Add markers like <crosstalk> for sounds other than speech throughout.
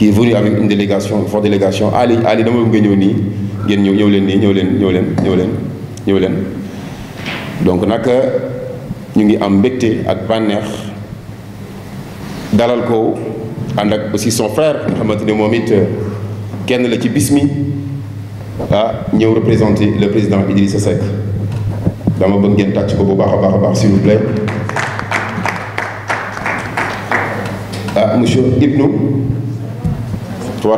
qui est venu avec une délégation forte délégation Ali Ali nous nous donc nous ñu aussi son frère nous ah, Nous le président Idrissa dama bëgg ngeen ko bu s'il vous plaît ah, monsieur Ibnou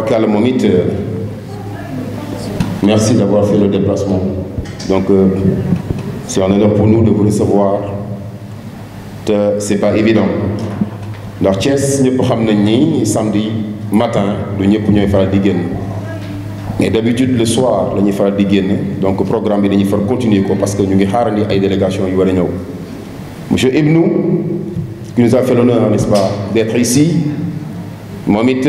Kal euh, merci d'avoir fait le déplacement donc euh, c'est un honneur pour nous de vous recevoir Ce c'est pas évident Nous avons nous que nañ samedi matin nous avons fait la digue. mais d'habitude le soir nous avons fait di Donc, donc programme il nous continuer parce que nous avons fait ay délégation monsieur Ibnou qui nous a fait l'honneur n'est-ce pas d'être ici Momite,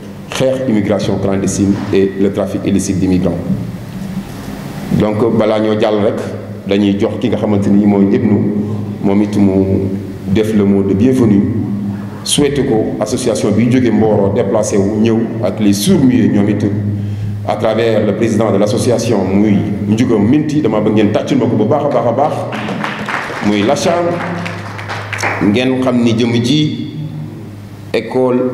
xeex immigration clandestine et le trafic illicite d'immigrants donc balaa ñoo jàll rek dañuy jox ki nga xamante ni mooy Ibnu moom it mu def le mot de bienvenue souhaité ko association bi jóge Mboro déplacé wu ñëw ak les sourds-muets ñoom à travers le président de l'association muy Ndiouga Minti dama bëgg ngeen ma ko bu baax a baax a baax muy Lachan ngeen xam ji école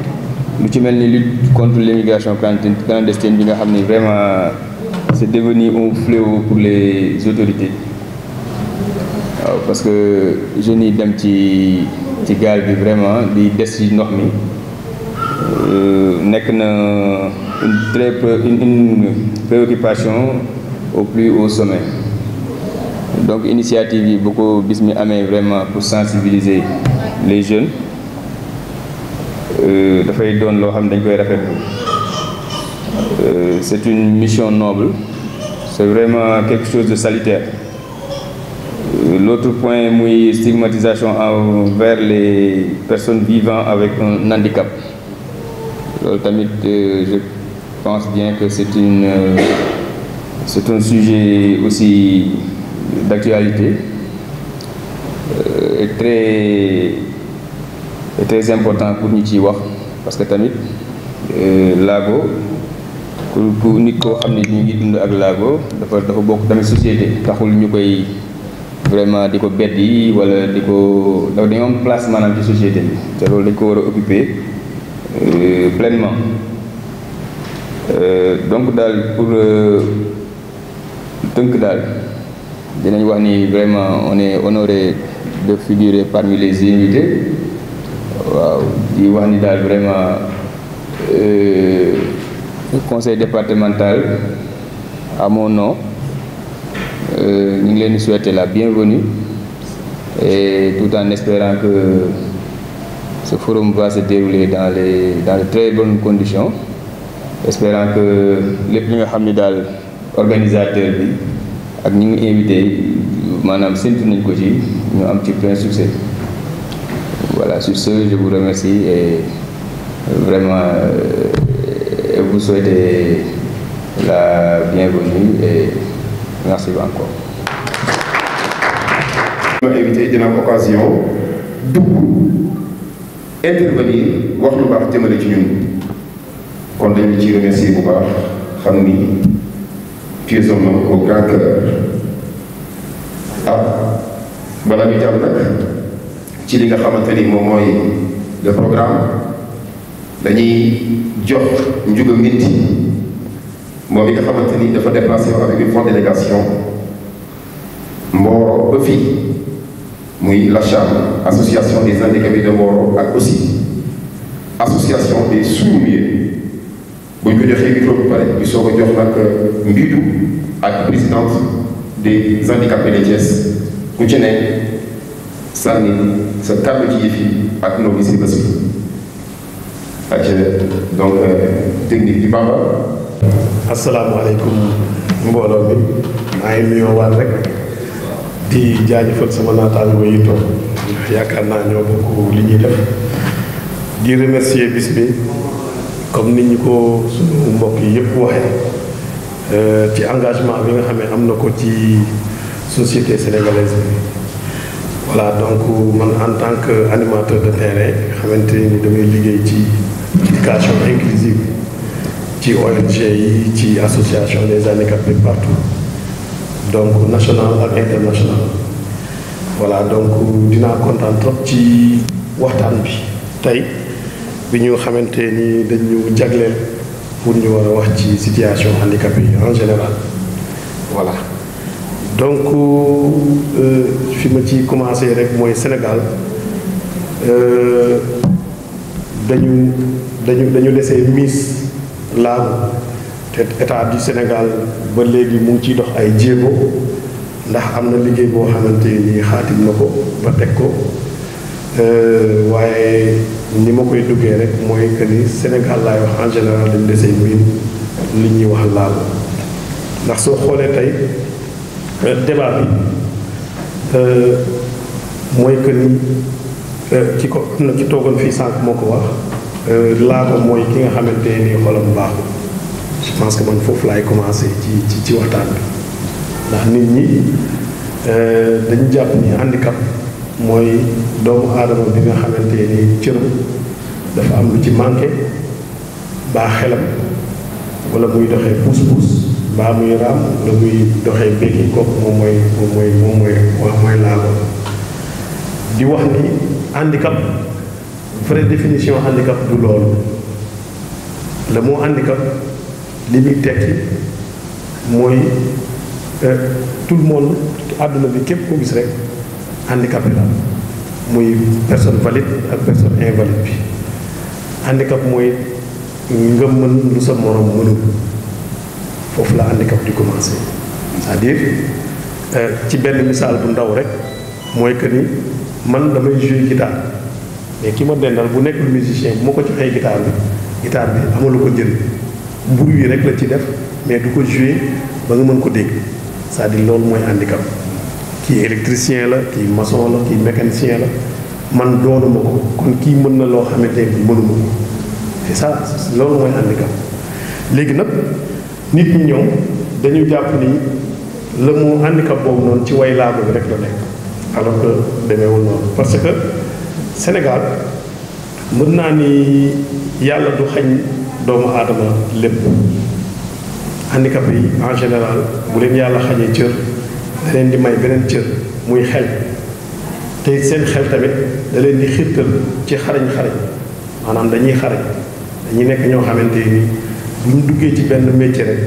Nous ci lutte contre l'immigration clandestine vraiment c'est devenu un fléau pour les autorités parce que je n'ai pas de vraiment des décisions. mi euh, une préoccupation au plus haut sommet donc l'initiative est vraiment pour sensibiliser les jeunes euh, euh, c'est une mission noble c'est vraiment quelque chose de salutaire euh, l'autre point muy stigmatisation envers les personnes vivant avec un handicap je pense bien que c'est une c'est un sujet aussi d'actualité et très est très important pour ñu ciy wax parce que tamit laago euh, lago ku nit koo xam ne ñu ngi dund ak Lago dafa dafa bokk tamit société taxul ñu koy vraiment diko ko bedd yi wala diko ko dafa am place manam ci société bi té loolu dañ ko wara occuper euh, pleinement euh, donc d'al pour tënk d'al dinañ wax ni vraiment on est honoré de figurer parmi les invités je vraiment vraiment euh, conseil départemental à mon nom euh, nous souhaitons la bienvenue et tout en espérant que ce forum va se dérouler dans les dans de très bonnes conditions espérant que les premiers Hamidal organisateurs, organisateur bi ak ñi invité un nañ ko succès voilà, sur ce, je vous remercie et euh, vraiment euh, vous souhaitez euh, la bienvenue et merci beaucoup. Je vais dina de l'occasion d'intervenir. intervenir wax lu baax jëmale ci ñun je dañu ci remercier bu baax xam tu es un homme au grand cœur ah bonne ñu jàll ci li nga xamante ni moom mooy le programme dañuy jox njuga minti moom mi nga xamante ni dafa déplacé avec une forte délégation Mboro ba fii muy l'ACHAM association des handicapés de Mboro ak aussi association des sourds-muets bu ñu ko joxee micro bi pare bi soo ko jox nag mbiidu ak présidente des handicapés de Thiès ku ci ne sànni sa kàddu ci yëf yi ak noo gisee bés bi ak euh, donc euh, technique bi baax la. asalaamaaleykum mbooloo bi maa ngi nuyoo waat rek di jaajëfal sama naataango yi toog yaakaar naa ñoo bokk li ñuy def di remercier bis bi comme nit ñi ko suñu mbokk yi yëpp waxee euh, ci engagement bi nga xam ne am na ko ci société sénégalaise bi. voilà donc en tant que animateur de terrain xamante ni damay liggéey ci inclusive ci ONG yi ci association des handicapés partout donc national et international voilà donc dinaa sommes trop ci waxtaan bi tey bi ñu xamante ni dañu jagleel pour ñu war a wax ci situation handicapé en général voilà donc. Euh, fi ma ci commencé rek mooy Sénégal euh, dañu dañu dañu desee miis laago te état du Sénégal ba léegi mu ngi ciy dox ay jéego ndax am na liggéey boo xamante ni xaatim na ko ba teg ko euh, waaye ni ma koy duggee rek mooy que ni Sénégal laay wax en général dañu desee miin li ñuy wax laago ndax soo xoolee tey euh, débat bi Euh, mooy que ni ci euh, ko am na ci toogoon fii sànq moo ko wax euh, laa ko mooy ki nga xamante ni xolam baaxul je pense que man foofu laay commencé ci ci waxtaan bi ndax nit ñi dañu jàpp ni handicap mooy doomu aadama bi nga xamante ni cëram dafa am lu ci manqué baa xelam wala muy doxee puus puus baa muy raam la muy béggi kooku moom mooy moom mooy moom mooy mooy laaloo di wax ni handicap vraie définition handicap du loolu le mot handicap li muy tekki mooy euh, tout le monde àdduna bi képp ko gis rek handicapé la muy personne valide ak personne invalide bi handicap mooy nga mën lu sa morom mënul foofu la handicap di commencer cest à euh, ci benn misaal bu ndaw rek mooy que ni man damay jouer guitare mais ki ma dendal bu nekk lu musicien bu ma ko joxee guitare bi guitare bi amalu ko jëriñ bruit rek la ci def mais du ko jouer ba nga mën ko dégg cest à loolu mooy handicap kii électricien la kii maçon la kii mécanicien la man doonuma ko kon kii mën na loo xamante ni mënuma ko c'est ça loolu mooy handicap léegi nag nit ñi ñëw dañu jàpp ni le mot handicap boobu noonu ci way laago bi rek la nekk alors que demeewul noonu parce que Sénégal mën naa ni yàlla du xañ doomu aadama lépp handicap bi en général bu leen yàlla xañee cër da di may beneen cër muy xel te seen xel tamit da leen di xiirtal ci xarañ xarañ maanaam dañuy xarañ dañuy nekk ñoo xamante ni bu ñu duggee ci benn métier rek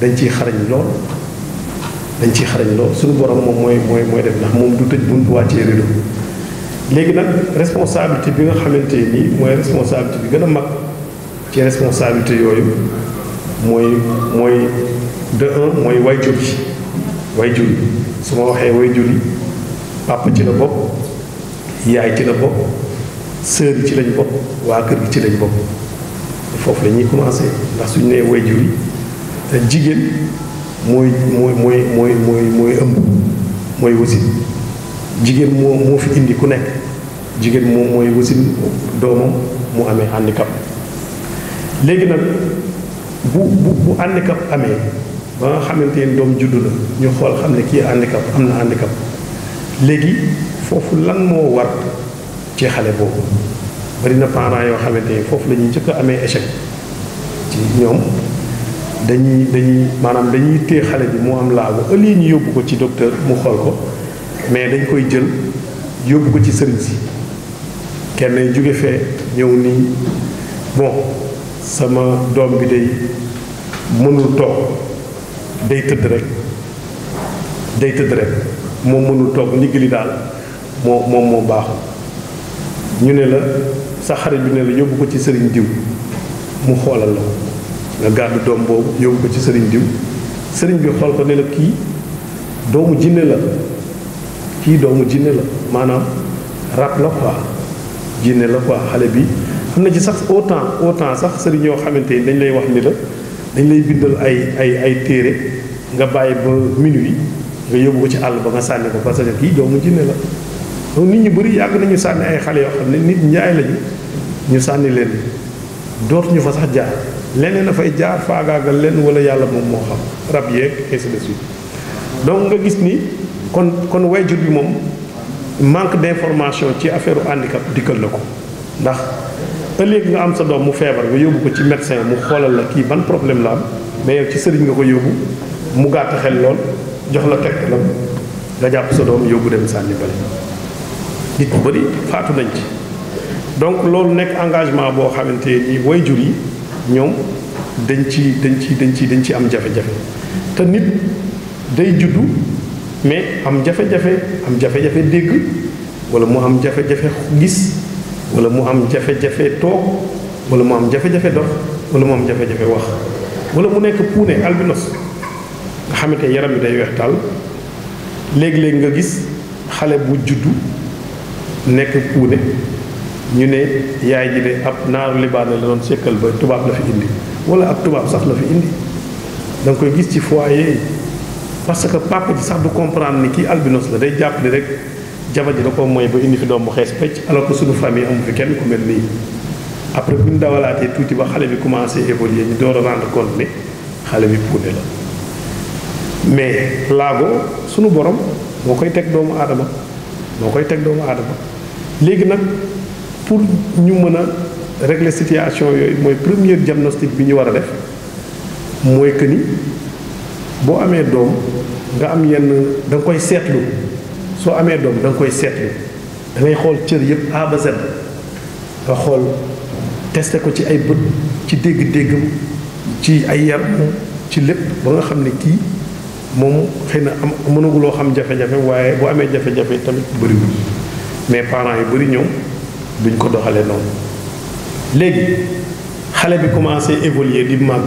dañ ciy xarañ lool dañ ciy xarañ lool suñu borom moom mooy mooy mooy def ndax moom du tëj buntu wàccee rido léegi nag responsabilité bi nga xamante nii mooy responsabilité bi gën a mag ci responsabilité yooyu mooy mooy de un mooy wayjur yi waay yi su ma waxee wayjur yi papa ci la bopp yaay ci la bopp sœur ci lañ bopp waa kër gi ci lañ bopp foofu lañuy ñuy commencé ndax suñu nee wayjur yi te jigéen mooy mooy mooy mooy mooy mooy ëmb mooy wasin jigéen moo moo fi indi ku nekk jigéen moom mooy wasin doomam mu amee handicap léegi nag bu bu bu handicap amee ba nga xamante doom juddu la ñu xool xam ne kii handicap am na handicap léegi foofu lan moo war ci xale boobu bari na parents yoo xamante ni foofu la ñuy njëkk amee échec ci ñoom dañuy dañuy maanaam dañuy téye xale bi moo am laago ëllëgee ñu yóbbu ko ci docteur mu xool ko mais dañ koy jël yóbbu ko ci sëriñ si kenn jóge fee ñëw nii bon sama doom bi day mënul toog day tëdd rek day tëdd rek moom mënul toog ndigg li daal moo moom moo baaxul ñu ne la sa xarit bi ne la yóbbu ko ci sëriñ diw mu xoolal la nga gàddu doom boobu yóbbu ko ci sëriñ diw sëriñ bi xool ko ne la kii doomu jinne la kii doomu jinne la maanaam rab la quoi jinne la quoi xale bi xam na ci sax autant autant sax sëriñ yoo xamante ni dañ lay wax ni la dañ lay bindal ay ay ay téere nga bàyyi ba minuit nga yóbbu ko ci àll ba nga sànni ko parce que kii doomu jinne la donc nit ñi bëri yàgg nañu sànni ay xale yoo xam ne nit njaay lañu ñu sànni leen dootuñu fa sax jaar leneen a fay jaar faagaagal leen wala yàlla moom moo xam rab yeeg ainsi de suite donc nga gis ni kon kon way jur bi moom manque d'information ci affaire u dikkal na ko ndax ëllëg nga am sa doom mu feebar nga yóbbu ko ci médecin mu xoolal la kii ban problème la am mais ci sëriñ nga ko yóbbu mu gàtt xel lool jox la tegtalam nga jàpp sa doom yóbbu dem sànni bale nit ñu bëri faatu nañ ci donc loolu nekk engagement boo xamante ni jur yi ñoom dañ ci dañ ci dañ ci dañ ci am jafe-jafe te nit day juddu mais am jafe-jafe am jafe-jafe dégg wala mu am jafe-jafe gis wala mu am jafe-jafe toog wala mu am jafe-jafe dox wala mu am jafe-jafe wax wala mu nekk puune albinos nga xamante yaram bi day weex tàll léegi-léegi nga gis xale bu juddu nekk puune ñu ne yaay ji de ab naaru libaane la doon sekkal ba tubaab la fi indi wala ab tubaab sax la fi indi da koy gis ci foyer parce que papa ji sax du comprendre ni ki albinos la day jàpp ni rek jabar ji da ko mooy ba indi fi doom bu xees pecc alors que suñu famille amu fi kenn ko mel nii après bu ñu dawalaatee tuuti ba xale bi commencé évoluer ñu door a rendre compte ne xale bi puune la mais laago sunu borom moo koy teg doomu aadama moo koy teg doomu aadama léegi nag pour ñu mën a régler situation yooyu mooy premier diagnostic bi ñu war a def mooy que ni boo amee doom nga am yenn danga koy seetlu soo amee doom danga koy seetlu da xool cër yëpp A ba nga xool testé ko ci ay bët ci dégg-déggam ci ay yaram ci lépp ba nga xam ne kii moom xëy na am mënaguloo xam jafe-jafe waaye boo amee jafe-jafe tamit bëriwul mais parents yu bëri ñoom duñ ko doxalee noonu léegi xale bi commencé évoluer di màgg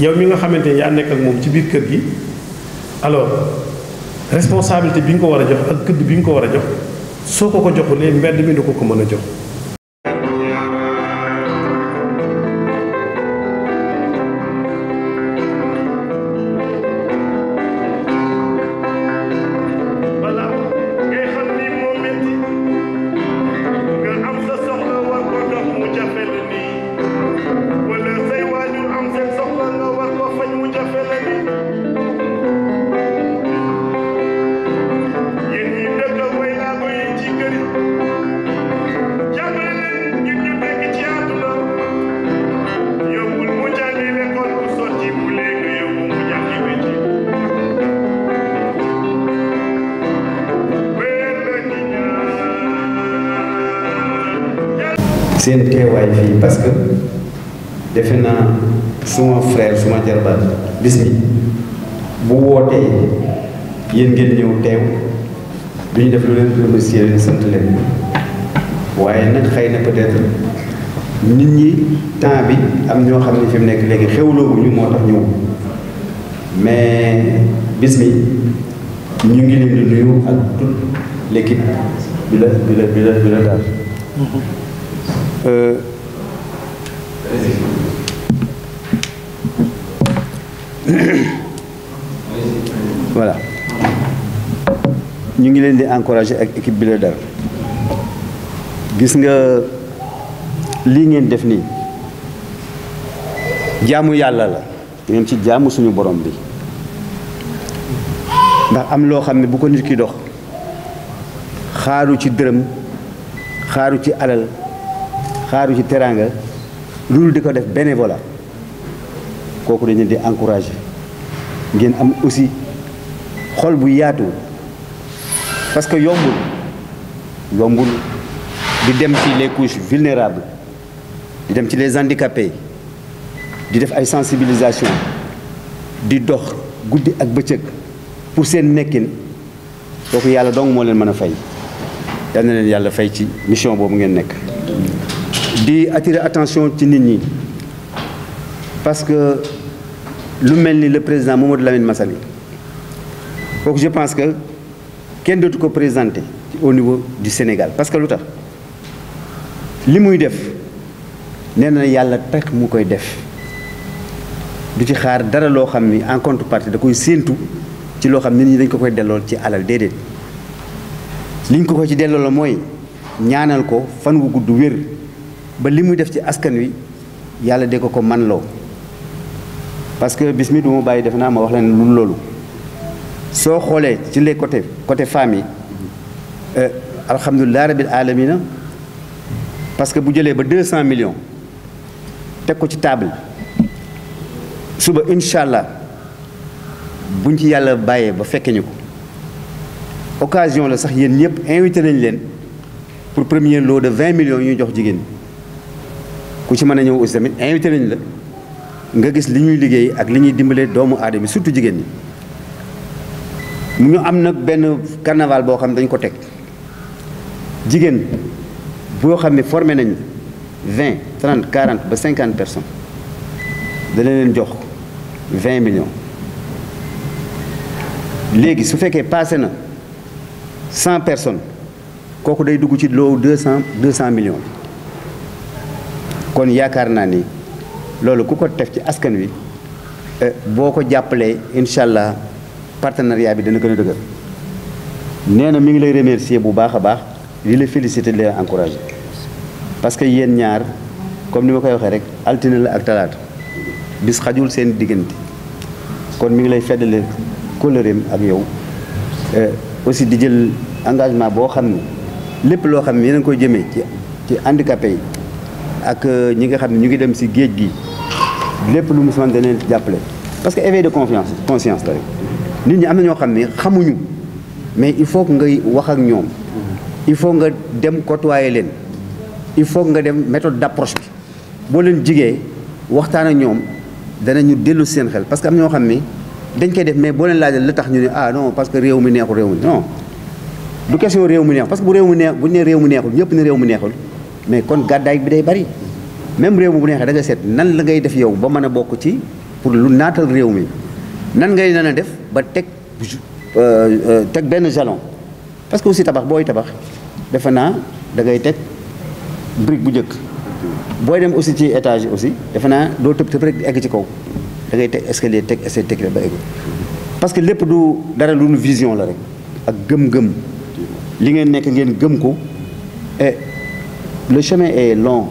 yow mi nga xamante ne yaa nekk ak moom ci biir kër gi alors responsabilité bi nga ko war a jox ak këdd bi nga ko war a jox soo ko ko joxulee mbedd mi du ko ko mën a jox. tey fii parce que defe naa suma frère suma jarbaat bismi bi bu wootee yéen ngeen ñëw teew du ñu def lu leen remercier leen sant leen waaye nag xëy na peut-être nit ñi temps bi am ñoo xam ne fi mu nekk léegi xewlooguñu moo tax ñëw mais bis ñu ngi leen di nuyu ak toute l'équipe bi la bi la bi la bi la daal mm-hmm. euh, <coughs> voilà ñu ngi leen di encourager ak équipe bi la dal gis nga lii ngeen def nii jaamu yàlla la ngeen ci jaamu suñu borom bi ndax am loo xam ne bu ko nit ki dox xaaru ci dërëm xaaru ci alal xaaru ci teraanga loolu di ko def bénévolat qu'on di aussi xol parce que yombul yombul di dem les couches vulnérables di dem les handicapés di def sensibilisation di dox guddi ak pour seen nekkin dong a fay fay ci mission boobu ngeen di attirer attention ci parce que lu mel le président Mamadou Lamine Massaly kooku je pense que kenn dootu ko présenté au niveau du Sénégal parce que lu tax li muy def nee na yàlla takk mu koy def du ci xaar dara loo xam en contrepartie da koy séentu ci lo xamni nit ñi dañ ko koy delol ci alal dedet liñ ko ko ci delol moy ñaanal ko fan wu gudd wér ba limuy def ci askan wi yalla de ko ko man loo parce que bis bu du ma bàyyi defe naa ma wax leen lu loolu soo xoolee ci les côté côté femmes yi euh, alhamdulilah rabil alamina parce que bu jëlee ba 200 millions teg ko ci table suba incha allah buñ ci yàlla bàyyee ba fekke ñu ko occasion la sax yéen ñëpp invité nañ leen pour premier loo de vingt millions yu ñu jox jigéen ku ci mën a ñëw aussi tamit invité nañ la. nga gis li ñuy liggéey ak li ñuy dimbale doomu aadama yi surtout jigéen ñi mu ñu am nag benn carnaval boo xam ne dañ ko teg jigéen boo xam ne formé nañ 20 30 40 ba 50 personnes dana leen jox million léegi su fekkee passé na cent personnes kooku day dugg ci loo 200 cent million kon yaakaar naa ni. loolu ku ko def ci askan wi eh, boo ko jàppalee incha allah partenariat bi dana gën a dëgër nee na mi ngi lay remercier bu baax a baax di la féliciter di la encourager parce que yéen ñaar comme ni ma koy waxee rek altine la ak talaata bis xajul seen diggante kon mu ngi lay feddale kóllëreem ak yow eh, aussi di jël engagement boo xam ne lépp loo xam ne yéen a koy jëmee ci ci yi ak eh, ñi nga xam ne ñu ngi dem si géej gi lépp lu mu si leen jàppale parce que éveil de confiance conscience la rek nit ñi am na ñoo xam ne xamuñu mais il faut que ngay wax ak ñoom il faut nga dem côtoyer leen il faut nga dem méthode d'approche bi boo leen jigee waxtaan ak ñoom danañu dellu seen xel parce que am ñoo xam ne dañ koy def mais boo leen laajal la tax ñu ne ah non parce que réew mi neexul réew mi non du question réew mi neexul parce que bu réew mi neex bu ñu nee réew mi neexul ñëpp ne réew mi neexul mais kon gàddaay bi day bari même réew mi bu neexee da nga seet nan la ngay def yow ba mën bok ci pour lu natal réew mi nan ngay nana def ba tek euh, euh tek ben jalon parce que aussi tabax boy tabax defe naa da ngay teg brique bu njëkk boy dem aussi ci étage aussi defe do doo tëb tëb rek di egg ci kaw da ngay teg escalier tek escalier teg ba egg parce que lepp du dara lu vision la rek ak gëm-gëm li ngeen nek ngeen gëm ko et le chemin est long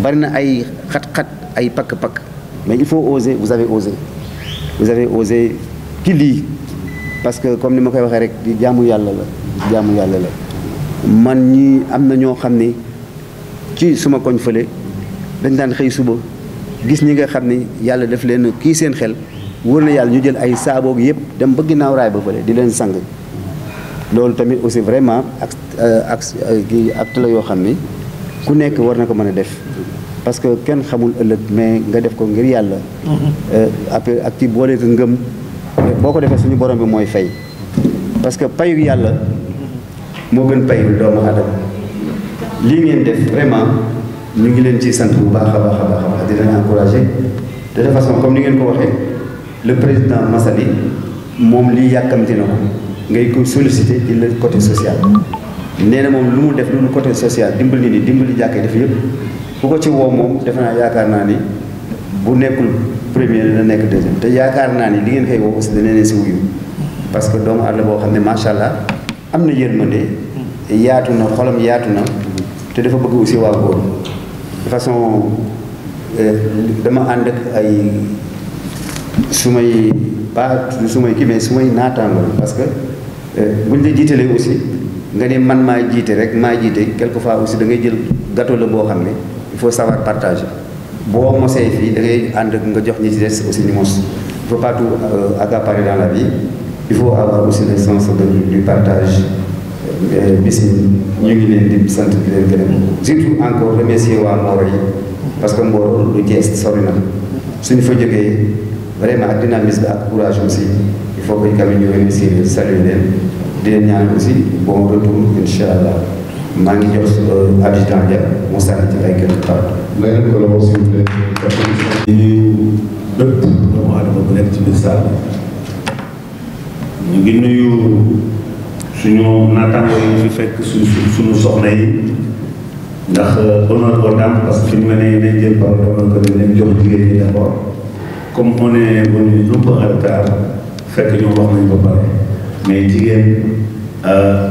bari na ay xat-xat ay pakk-pakk mais il faut oser vous avez osé vous avez osé ci lii parce que comme ni ma koy waxee rek di jaamu yàlla la jaamu yàlla la man ñi am na ñoo xam ni ci suma koñ fële dañ daan xëy suba gis ñi nga xam ni yàlla def leen kii seen xel wóor na yàlla ñu jël ay saaboog yëpp dem ba ginnaaw raay ba fële di leen sang loolu tamit aussi vraiment ak euh, ak euh, acte la yoo xam ni ku nekk war na ko mën a def parce que ken xamul euleut mais nga def ko ngir yalla mm-hmm. euh après ak ti bolé ko ngëm. boko ko suñu borom bi moy fay. parce que payu yalla mo gën payu doomu adam li ngeen def vraiment ñu ngi leen ci sant bu baax a baax a baax di leen encouragé de toute façon comme ni ngeen ko waxé le président Massaly mom li yakamti na ko ngay ko solliciter di le côté social. néna mom lu mu def lu mu côté social dimbali ni dimbali jàkkee def yépp ku ko ci woo moom defe naa yaakaar naa ni bu nekkul premier dina nekk deuxième te yaakaar naa ni li ngeen koy woo aussi dana leen si wuyu parce que doomu aadama boo xam ne macha allah am na yërmande yaatu na xolam yaatu na te dafa bëgg aussi waa góor façon euh, dama ànd ak ay su may pas su may kii mais su may naataangoon parce que euh, buñ la jiitalee aussi nga ne man maa jiite rek maa jiite quelque fois aussi da ngay jël gâteau la boo xam ne. faut savoir partager boo mosee fii da ngay ànd nga jox ñi ci des aussi ñu mos faut pas tout euh, accaparer dans la vie il faut avoir aussi le sens de du partage bis euh, ñu ngi leen di sant di leen encore remercier waa Mboro parce que Mboro lu Thiès sori na suñu fa jógee vraiment ak dynamisme ak courage aussi il faut que quand même ñu remercier saluer leen di leen ñaan aussi bon retour incha maa ngi jox adjudant Dia mu sànni ci ay quelques temps. na ngeen ko la wax s'il vous plaît. di bépp doomu adama bu nekk ci biir saal ñu ngi nuyu suñu naataango yi fi fekk suñu suñu soxna yi ndax honneur aux dames parce que fi ñu ma nee nañ jël parole ko ne leen jox jigéen ñi d'abord comme on est venu un peu en retard fekk ñoom wax nañ ba pare mais jigéen. Euh,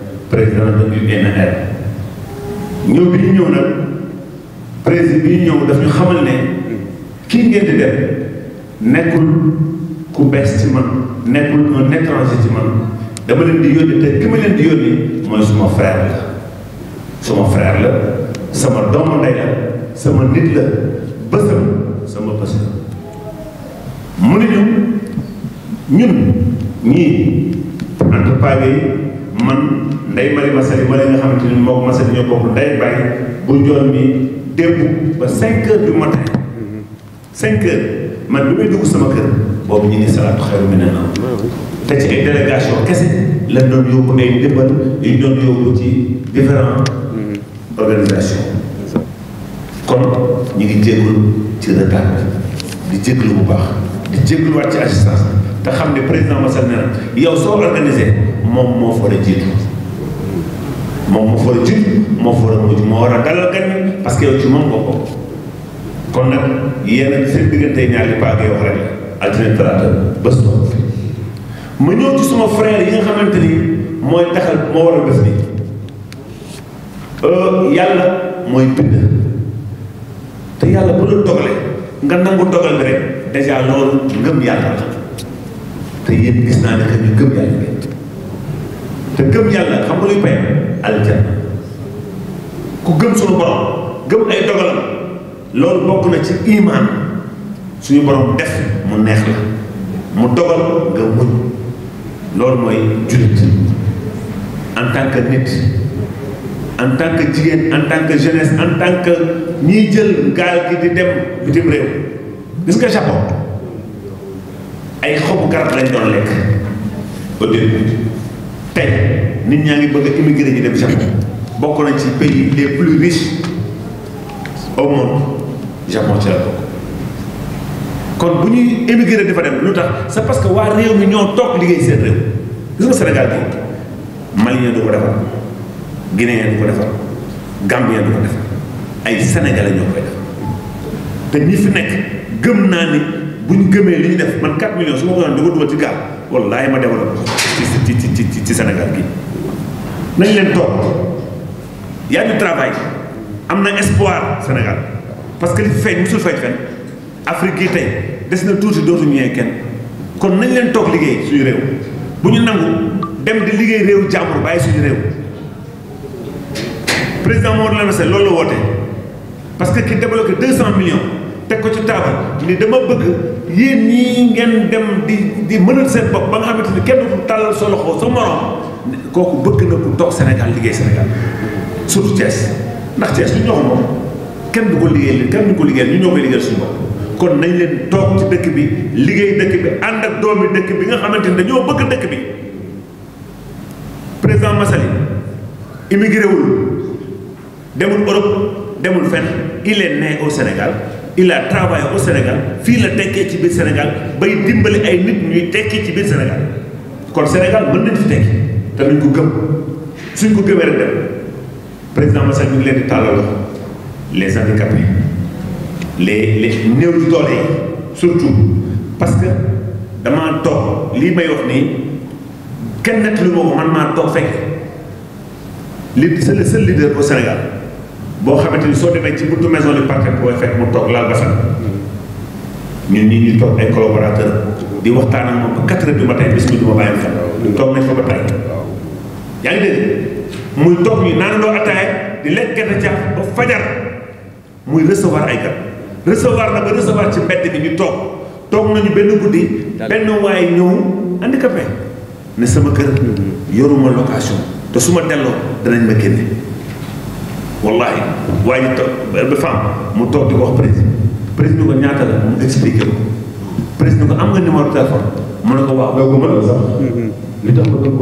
président de l'UNR ñëw bi ñu ñëw nag président bi ñëw daf ñu xamal ne kii ngeen di def nekkul ku bees ci man nekkul un étranger ci man dama leen di yónni te ki ma leen di yónni mooy suma frère la suma frère la sama doomu ndey la sama nit la bësam sama bës mu ne ñu ñun ñii en tout man. nday mari masali wala nga xamante ni moo ko masali ñoo bokk nday bay bu joon bi démb ba cinq heures du matin cinq man bi muy dugg sama kër boobu ñu ni salaatu xayru mi ne na te ci ay kese lañ doon yóbbu ay ndëmbal yu doon yóbbu ci différents organisation kon ñu ngi jéggul ci retard bi di jégglu bu baax di jéggluwaat ci assistance te xam ne président Massal ne na yow soo organisé moom moo fa jiitu moom moo fa jub moo fa war a mujj moo war a dalal gan parce que yow ci moom kon nag yéen ak seen diggante ñaari paa ngay wax rek altine talaata bés boobu fi ma ñëw ci suma frère yi nga xamante ni mooy taxal moo war a bés bi euh, yàlla mooy bind te yàlla bu doon dogale nga nangu dogal bi rek dèjà loolu ngëm yàlla la te yéen gis naa ne ñu gëm yàlla bi te gëm yàlla xam nga luy pay aljanna ku gëm suñu borom gëm ay dogalam loolu bokk na ci imaan suñu borom def mu neex la mu dogal nga muñ loolu mooy jullit en tant que nit en tant que jigéen en tant que jeunesse en tant que ñiy jël gaal gi di dem bitim réew gis nga Japon ay xobu garab lañ doon lekk ba dégg tey nit ñaa ngi bëgg a immigré ñu dem Japon bokk nañ ci pays les plus riches au monde ci la bokk kon bu ñuy émigré dafa dem lu tax c'est parce que waa réew mi ñoo toog liggéey seen réew gis nga Sénégal bi Malien du ko defar Guinéen du ko defar Gambien du ko defar ay Sénégalais ñoo koy defar te ñi fi nekk gëm naa ni bu ñu gëmee li ñu def man 4 millions su ma ko doon di ko dugal ci gaal wallaahi ma développé ci ci ci ci ci Sénégal gi nañ leen toog y a du travail am na espoir Sénégal parce que li fi feeñ musul feeñ fenn Afrique gi tey des na tuuti dootuñu ñu kenn kon nañ leen toog liggéey suñu réew bu ñu nangu dem di liggéey réew jàmbur bàyyi suñu réew président Mor la Sall loolu la woote parce que ki débloqué 200 millions teg ko ci table ni dama bëgg. yéen ñii ngeen dem di di mënal seen bopp ba nga xamante ni kenn ku tàllal sa loxo sa morom kooku bëgg nga ku toog Sénégal liggéey Sénégal surtout Thiès ndax Thiès ñu ñoo moom kenn du ko liggéeyal kenn du ko liggéeyal ñu ñoo koy liggéeyal suñu bopp kon nañ leen toog ci dëkk bi liggéey dëkk bi ànd ak doomi dëkk bi nga xamante ni dañoo bëgg dëkk bi président Massali immigré wul demul Europe demul fenn il leen né au Sénégal. il a travaillé Sénégal fii la tekkee ci biir Sénégal bay dimbali ay nit ñuy tekki ci biir Sénégal kon Sénégal mën nañ fi tekki te nañ ko gëm suñ ko gëmee rek dem président Massa ñu leen di tàllal loxo les handicapés les les doole yi surtout parce que damaa toog lii may wax nii kenn nett lu moo ko man maa toog fekk li c'est le seul leader au Sénégal boo xamante ni soo defee ci buntu maison du parti booy fekk mu toog laal basan ñun ñi ñu toog ay collaborateur di waxtaan ak moom ba quatre heures du matin bis bi du ma bàyyi xel toog nañ fa ba tey yaa ngi muy toog ñu naan doo ataaya di lekk gerte caaf ba fajar muy recevoir ay gan recevoir na ba recevoir ci mbedd bi ñu toog toog nañu benn guddi benn waaye ñëw handicapé ne sama kër yoruma location te suma ma delloo danañ ma génne wallahi waaye ñu toog ba femme mu toog di ko wax président président ko ñaata la mu expliqué ko président ko am nga numéro téléphone mu ne ko waaw. loolu mën na sax. Mm-hmm. li tax ma mm-hmm.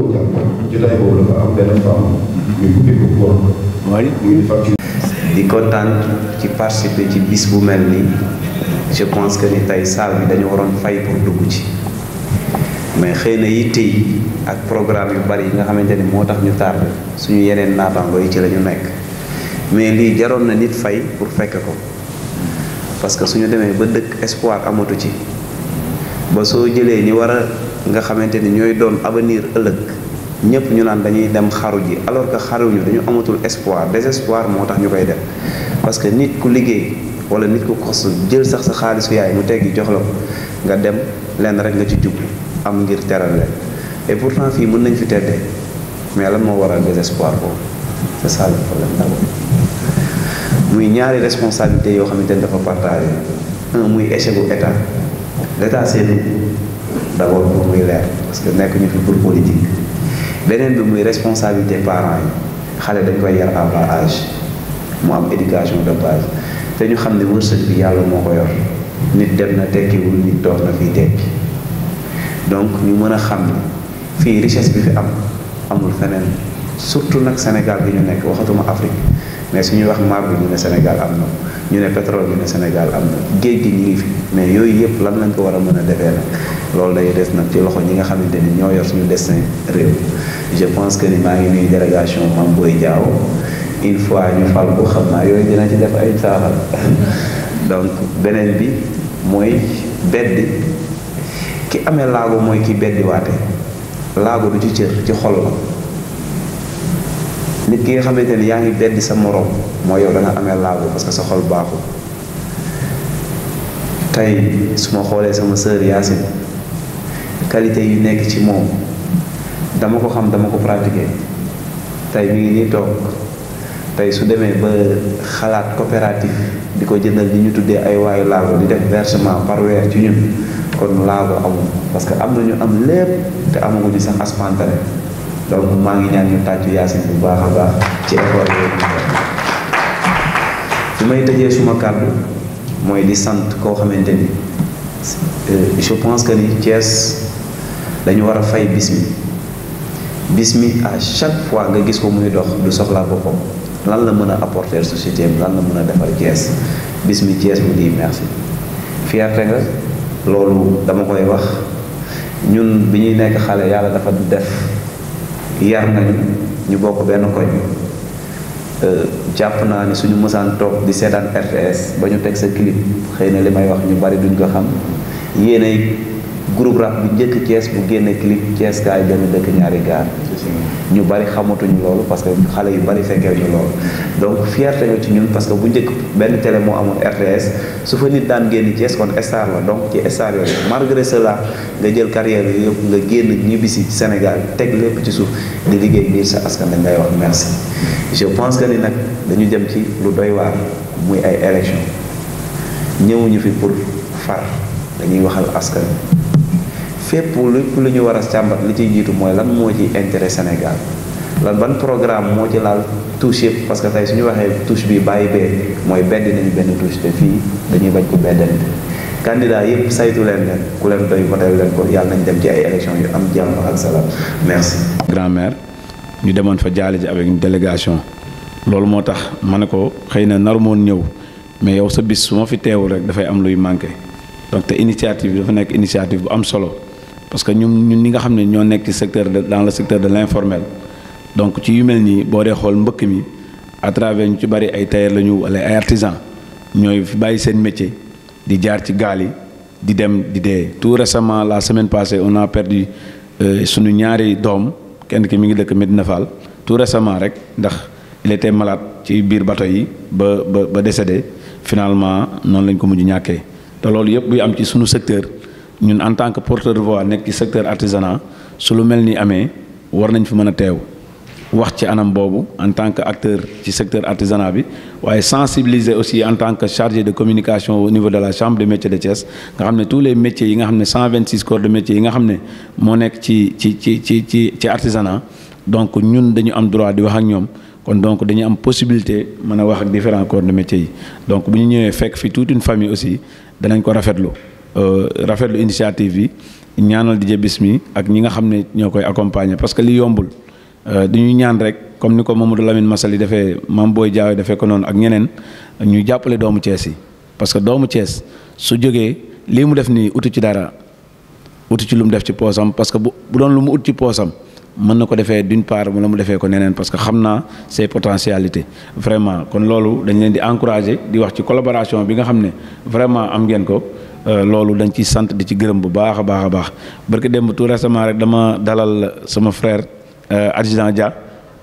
ko jàpp kontaan ci participer ci bis bu mel ni je pense que ni tey saal bi dañu waroon fay pour dugg ci mais xëy na yitte yi ak programme yu bari yi nga xamante ni moo tax ñu tardé suñu yeneen naataangoo yi ci lañu nekk. mais lii jaroon na nit fay pour fekk ko parce que suñu demee ba dëkk espoir amatu ci ba soo jëlee ñi war a nga xamante ni ñooy doon avenir ëllëg ñëpp ñu naan dañuy dem xaru ji alors que xaruñu dañu amatul espoir désespoir moo tax ñu koy def parce que nit ku liggéey wala nit ku kos jël sax sa xaalisu yaay mu teggi jox la ko nga dem lenn rek nga ci jublu am ngir teral leen et pourtant fii mën nañ fi teddee mais lan moo waral désespoir boobu c'est ça le muy ñaari responsabilité yoo xamante ni dafa partagé un muy échec état l' état c'est nous d' abord pour muy leer parce que nekk ñu fi pour politique beneen bi muy responsabilité parents yi xale dañ koy yar à age mu am éducation de base te ñu xam ne wërsëg bi yàlla moo ko yor nit dem na tekkiwul nit toog na fii tekki donc ñu mën a xam ne fii richesse bi fi am amul feneen surtout nag Sénégal bi ñu nekk waxatuma Afrique mais suñuy wax marbre ñu ne Sénégal am na ñu ne pétrole ñu ne Sénégal am na géej gi ñu ngi fi mais yooyu yëpp lan lañ ko war a mën a defee nag loolu day des nag ci loxo ñi nga xamante ni ñoo yor suñu destin réew je pense que ni maa ngi nuyu délégation Mame Boye jaaw une fois ñu fal ko xam naa yooyu dina ci def ay saaxal donc beneen bi mooy beddi ki amee laago mooy ki beddi waate laago du ci cër ci xol la nit ki nga xamante ni yaa ngi beddi sa moroom mooy yow danga amee laago parce que sa xol baaxul tey su ma xoolee sama sœur Yacine qualité yu nekk ci moom dama ko xam dama ko pratiquer tey mi ngi nii toog tey su demee ba xalaat coopérative di ko jëndal li ñu tuddee ay waayu laago di def versement par weer ci ñun kon laago amul parce que am na ñu am lépp te amaguñu sax aspantere donc maa ngi ñaan ñu tàccu yaasin bu baax a baax ci effort yooyu fi may tëjee suma kàddu mooy di sant koo xamante ni eh, je pense que ni Thiès dañu war a fay bis mi bis mi à chaque fois nga gis ko muy dox du soxlaa boppam lan la mën a apporter société am lan la mën a defar Thiès bis mi Thiès mu di merci fierté nga loolu dama koy wax ñun bi ñuy nekk xale yàlla dafa def yar nañu ñu bokk benn koñ euh, jàpp naa ne suñu mësaan toog di seetaan RTS ba ñu teg sa clip xëy na li may wax ñu bari duñ ko xam yéenay groupe rap bu njëkk cees bu génne clip Thiès kaay benn dëkk ñaari gaan ñu bari xamatuñu loolu parce que xale yu bari fekkee ñu loolu donc fierté la ci ñun parce que bu njëkk benn télé moo amoon RTS su fa nit daan génn Thiès kon star la donc ci star yooyu malgré cela nga jël carrière yooyu yëpp nga génn ñibbisi Sénégal teg lépp ci suuf di liggéey biir sa askan dañ ngay wax merci je pense que ni nag dañu jëm ci lu doy waar muy ay élection ñëwuñu fi pour far dañuy waxal askan fépp lépp lu ñu war a càmbat li ciy jiitu mooy lan moo ci intérêt Sénégal lan ban programme moo ci laal touche yëpp parce que tey suñu waxee touche bii bàyyi bee mooy bedd nañu benn touche te fii dañuy bañ ko beddante candidat yëpp saytu leen leen ku leen doy voté leen ko yàlla nañ dem ci ay élections yu am jàmm ak salaam merci. grand-mère ñu demoon fa jaale ji avec une délégation loolu moo tax ma ne ko xëy na nar moon ñëw mais yow sa bis su ma fi teewul rek dafay am luy manqué donc te initiative dafa nekk initiative bu am solo. parce que ñun ñun ñi nga xam ne ñoo nekk ci secteur de dans le secteur de l' informel donc ci yu mel nii boo dee xool mbëkk mi à travers ñu ci bari ay tailleur la ñu wala ay artisan ñooy bàyyi seen métier di jaar ci gaal yi di dem di dee tout récemment la semaine passée on a perdu euh, suñu ñaari doom kenn ki mi ngi dëkk Medina Fall tout récemment rek ndax il était malade ci biir bato yi ba ba ba décédé finalement noonu lañ ko mujj ñàkkee te loolu yëpp bu am ci suñu secteur ñun en tant que porteur de voix nek ci secteur artisanat su lu melni amé war nañ fi mëna wax ci anam Bobu en tant que acteur ci secteur artisanat bi waaye sensibiliser aussi en tant que chargé de communication au niveau de la chambre des métiers de Thiès nga xamné tous les métiers yi nga xamné 126 corps de métiers yi nga xamné mo nek ci ci ci ci ci artisanat donc ñun dañu am droit di wax ak ñom kon donc dañu am possibilité de faire wax ak différents corps de métiers yi donc bu ñu ñëwé fekk fi toute une famille aussi danañ ko l'eau. Euh, rafetlu initiative bi ñaanal DJ Bismi ak ñi nga xam ne ñoo koy accompagner parce que li yombul euh, dañuy ñaan rek comme ni ko Mamadou Lamine Massaly defee Mame Boye Diao defee ko noonu ak ñeneen ñu jàppale doomu Cees yi parce que doomu Cees su jógee lii mu def nii uti ci dara uti ci lu mu def ci poosam parce que bu doon lu mu ut ci poosam mën na ko defee d'une part mu la mu defee ko neneen parce que xam naa ses potentialités vraiment kon loolu dañ leen di encourager di wax ci collaboration bi nga xam ne vraiment am ngeen ko Euh, loolu dañ ciy sant di ci gërëm bu baax a baax a baax barki démb tout récemment rek dama dalal sama frère euh, adjudant Dia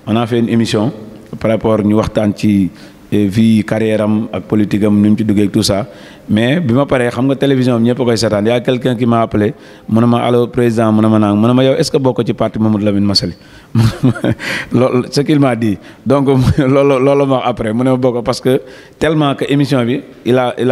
on a fait émission par rapport ñu waxtaan ci euh, vie carrière am ak politique am ni mu ci duggee tout ça mais bi ma paree xam nga télévision am ñëpp koy seetaan yaa quelqu'un qui m'a appelé mu ne ma allo président mu ne ma naang mu ne ma yow est ce que bokk ci parti Mamadou Lamine Massaly <laughs> loolu ce qu'il m'a dit donc <laughs> loolu loolu après mu ne ma bokk que tellement que émission bi il a il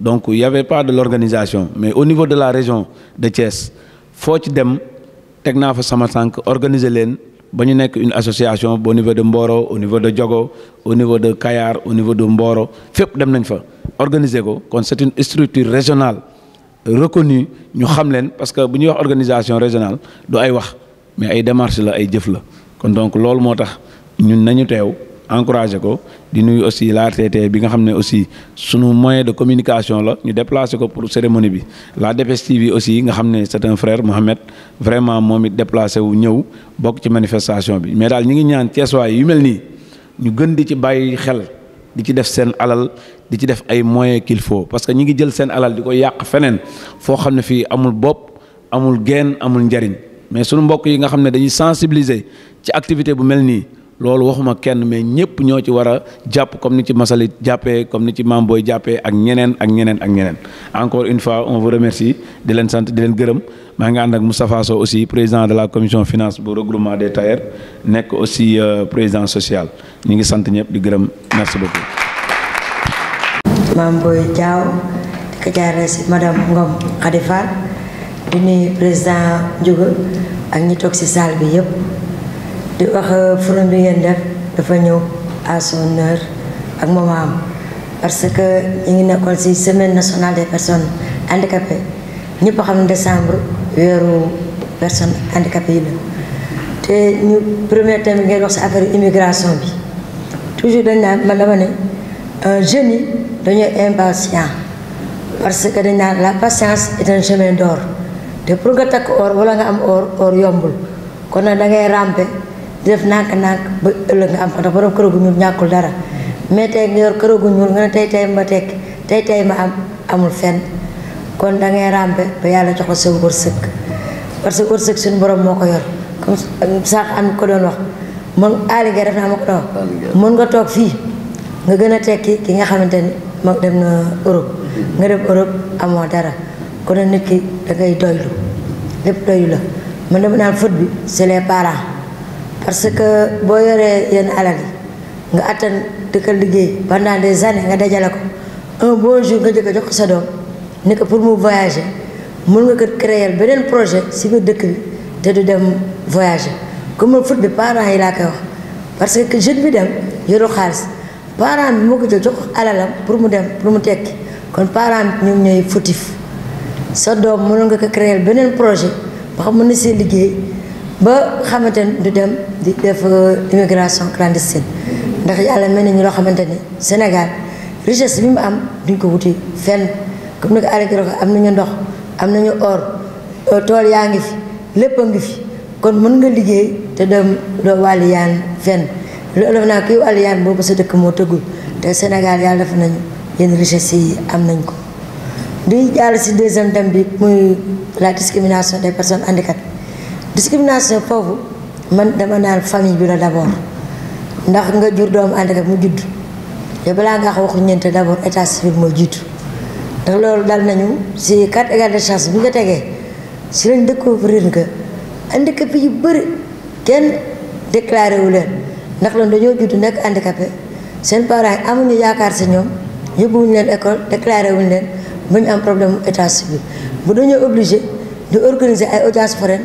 donc il n'y avait pas de l'organisation mais au niveau de la région de Thiès il faut dem organiser une association au niveau de Mboro au niveau de Diogo au niveau de Kayar au niveau de Mboro il faut nañ organiser c'est une structure régionale reconnue nous xam parce que nous avons wax organisation régionale du ay wax mais démarches la y a des défis donc c'est ce que nous avons fait encouragez ko di nuyu aussi la bi nga aussi sunu moyen de communication la ñu ko pour cérémonie la DPS TV aussi nga c'est un frère Mohamed vraiment momit déplacer déplacé wu ci manifestation mais nous, ñi ngi ñaan yu melni ñu gën ci bayyi xel di ci def sen alal di ci def ay moyens qu'il faut parce que ñi ngi jël sen alal nous fenen fo Nous fi amul bop amul geen amul njariñ mais sunu mbokk yi nga xamné dañuy sensibiliser ci activité bu melni loolu waxuma kenn mais ñëpp ñoo ci war a jàpp comme ni ci Massaly jàppee comme ni ci Mame Boye jàppee ak ñeneen ak ñeneen ak ñeneen encore une fois on vous remercie di leen sant di leen gërëm maa ngi ànd ak Moustapha Sow président de la commission finance bu regroupement des tailleurs nekk aussi euh, président social ñu ngi sant ñëpp di gërëm merci beaucoup. Mame Boye Diao di ko jaaree si madame Ngom Khady Fall di président Ndiouga ak ñi toog si salle bi yëpp. di wax furam bi ngeen def dafa ñëw à son heure ak moment parce que ñu ngi nekkoon si semaine nationale des personnes handicapées ñëpp xam ne décembre weeru personne handicapée yi la te ñu premier thème ngeen wax si affaire immigration bi toujours dañ naan man dama ne jeunes yi dañoo impatient parce que dañ naan la patience est un chemin d'or te pour nga takk or wala nga am or or yombul kon nag da ngay ramper di def nànk-nànk ba ëllëg nga am ko ndax borom kër gu ñuul ñàkkul dara mais tey nga yor kër gu ñuul nga ne tey tey ma tekki tey tey ma am amul fenn kon da ngay ràmbe ba yàlla jox la sa wërsëg parce que wërsëg suñu borom moo ko yor comme sax am ko doon wax mën nga mën nga toog fii nga gën a tekki ki nga xamante ni moom dem na Europe nga dem Europe amoo dara kon nag nit ki da ngay doylu lépp doylu la man dama naan fët bi c'est les parents parce que boo yoree yenn alal yi nga attan di liggéey pendant des années nga dajale ko un bon jour nga jëkk a jox sa doom ni ko pour mu voyager mën nga ko créer beneen projet si biir dëkk te du dem voyager comme foot bi yi laa koy parce que jeune bi dem yoru xaalis parent bi moo ko jox jox pour mu dem pour mu tekki kon parent bi ñoom ñooy sa doom mënoon nga ko créer beneen projet ba mën na see liggéey ba xamante du dem di def euh, immigration clandestine ndax yàlla mel nañu loo xamante ni richesse bi mu am duñ ko wuti fenn comme ni arrêté am nañu ndox am nañu or euh, tool yaa ngi fi fi kon mën nga liggéey te dem doo wàlli yaan fenn loolu def naa kuy wàlli yaan boobu sa dëkk moo tëggul te Sénégal def nañu richesse yi am nañ ko di jàll si deuxième thème bi muy la discrimination des personnes handicapées discrimination foofu man dama naan famille bi la d'abord ndax nga jur doomu handicapé mu judd yow balaa nga wax waxu ñeente d'abord état civil moo jiitu ndax loolu dal nañu si carte égalité de chance bi nga tegee si lañ découvrir que handicapé yu bëri kenn déclaré wu leen ndax loolu dañoo judd nekk handicapé seen parents yi amuñu yaakaar si ñoom yóbbu wuñ leen école déclaré wuñ leen ba am problème mu état civil bu dañoo obligé di organiser ay audience foraine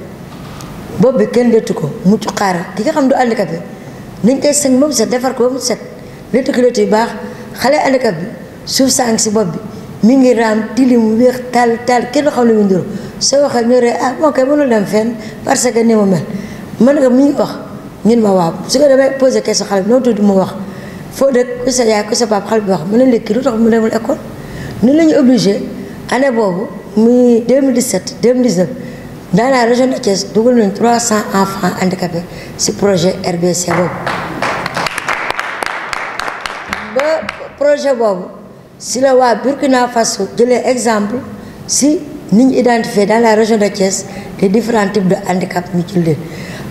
bopp bi kenn léttu ko mu xaaral ki nga xam du handicapé nañ koy sëñ ba mu set defar ko ba mu set léttu ko léttu yu baax xale handicapé bi su sang si bopp bi mu ngi raam tilim wéex taal taal kenn xam ne mu ngi soo waxee ñu ne ah moo koy dem fenn parce que ni mu mel man nga mu ngi wax ñun ma su ko damay posé question xale bi noo tudd mu wax foo de ku sa yaay ku sa pap xale bi wax mu ne léegi lu tax mu demul école. ni la ñu obligé année boobu muy 2017 2019. Dans la région de Thiès, nous avons 300 enfants handicapés le projet RBC Le projet si si la waa Burkina Faso Je exemple Si nous identifié dans la région de Thiès les différents types de handicaps Nous avons leen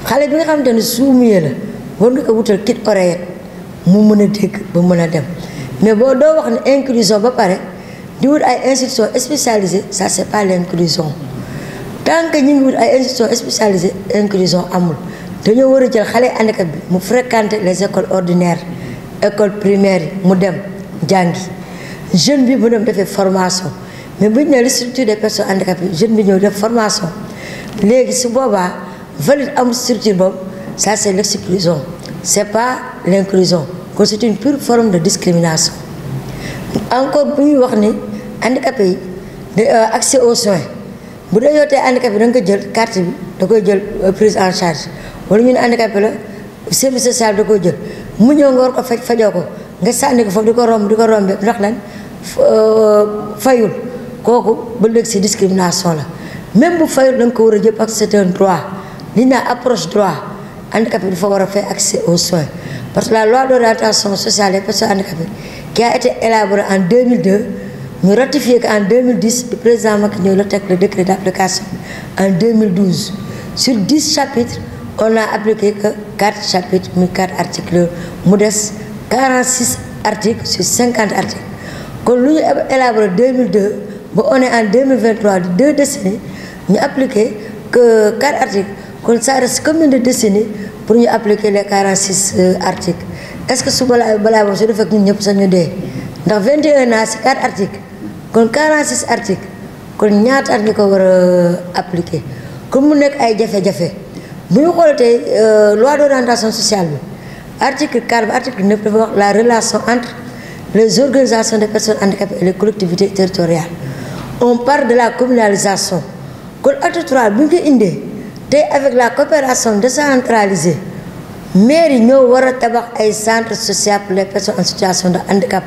xale bi nga ne suumuye la le ko wutal kit a ba a dem mais si nous wax une inclusion ba pare di institution ay institutions spécialisée, ça c'est pas l'inclusion tant que nous ngi wut ay institutions spécialisées inclusion amul dañu war jël xalé handicap bi mu les écoles ordinaires école primaire modernes, mu dem jangi jeune bi bu dem formation mais bu nous avons les structures des personnes handicapées jeune bi ñëw def formation légui su boba valide am structure bob ça c'est l'exclusion, c'est pas l'inclusion. C'est une pure forme de discrimination encore plus, les wax ni euh, accès aux soins. bu dee yow tey handicapé da ko jël carte bi da koy jël euh, prise en charge wala ñu ne handicapé la service social da koy jël mu ñëw nga war ko faj fajoo ko nga sànni ko foofu di ko romb di ko rombe ndax lan euh, fayul kooku ba léegi si discrimination la même bu fayul da ko war a jël parce que c'est un droit li naa approche droit handicapé dafa war a fay accès au soins parce que la loi d'orientation sociale des personnes handicapées qui a été élaborée en 2002 Nous ratifié qu'en en 2010 le président Macky le décret d'application en 2012 sur 10 chapitres on a appliqué que 4 chapitres mais 4 articles mu 46 articles sur 50 articles Quand nous avons élaboré 2002 on est en 2023 deux décennies nous appliqué que 4 articles Quand ça reste comme de décennies pour nous appliquer les 46 euh, articles est-ce que ce que nous avons fait, nous 21 ans c'est 4 articles kon 46 articles kon 9 at ñu ko war a euh, appliquer comme mu nekk ay jafe-jafe bu ñu euh, loi d'orientation sociale L'article article 4 ba article 9 la relation entre les organisations des personnes handicapées et les collectivités territoriales on parle de la communalisation kon 3 ñu ko indee tey avec la coopération décentralisée mairie ñoo war a tabax ay centres sociaux pour les personnes en situation de handicap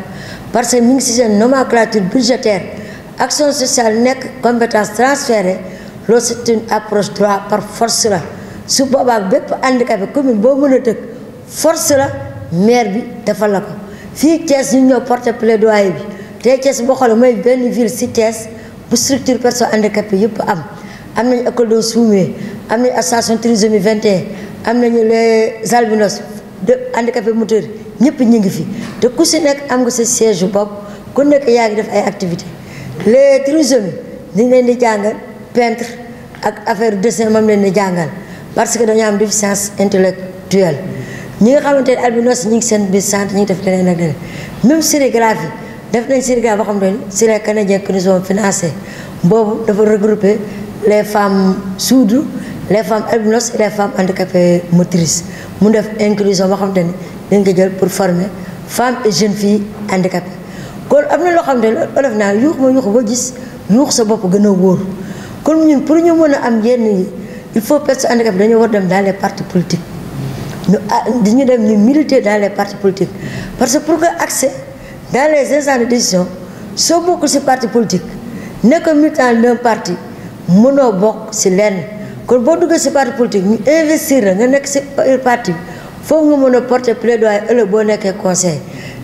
parce que mi ngi une nomenclature budgétaire action sociale nekk compétence transférée c'est une approche droit par force la su boobaa bépp handicapé commune boo mën a dëkk force la maire bi defal la ko fii Thiès ñu ñoo porté plaidoyer bi tey Thiès boo xoolee mooy benn ville si Thiès bu structure perso handicapée yëpp am am nañu école de Soumé am nañu association trisomie 21 am nañu les albinos de handicapé moteur ñëpp ñu ngi fi te ku si nekk am nga sa siège bopp ku nekk yaa ngi def ay activité les trisomie ni leen di jàngal peintre ak affaire dessin moom leen di jàngal parce que dañoo am déficience intellectuelle ñi nga xamante ne albinos ñi ngi seen biir centre ñi ngi def leneen ak leneen même sérigraphie def nañ sérigraphie boo xam ne si les canadiens qui nous ont financé boobu dafa regrouper les femmes sourdes les femmes albinos et les femmes handicapées motrices mu def inclusion boo xamante ne dañ jël pour former femmes et jeunes filles handicapées kon am na loo xam ne olof naa yuux ma yuux ba gis yuux sa bopp gën a wóor kon ñun pour ñu mën a am yenn il faut personne handicapée dañoo war dem dans les partis politiques ñu ah, dañu dem ñu militer dans les partis politiques parce que pour que accès dans les instances de décision soo bokkul si parti politique nekk militant d'un parti mënoo bokk si lenn kon boo duggee si parti politique ñu investir la nga nekk si parti foofu nga mën a porter plaidoyer ëllëg boo nekkee conseil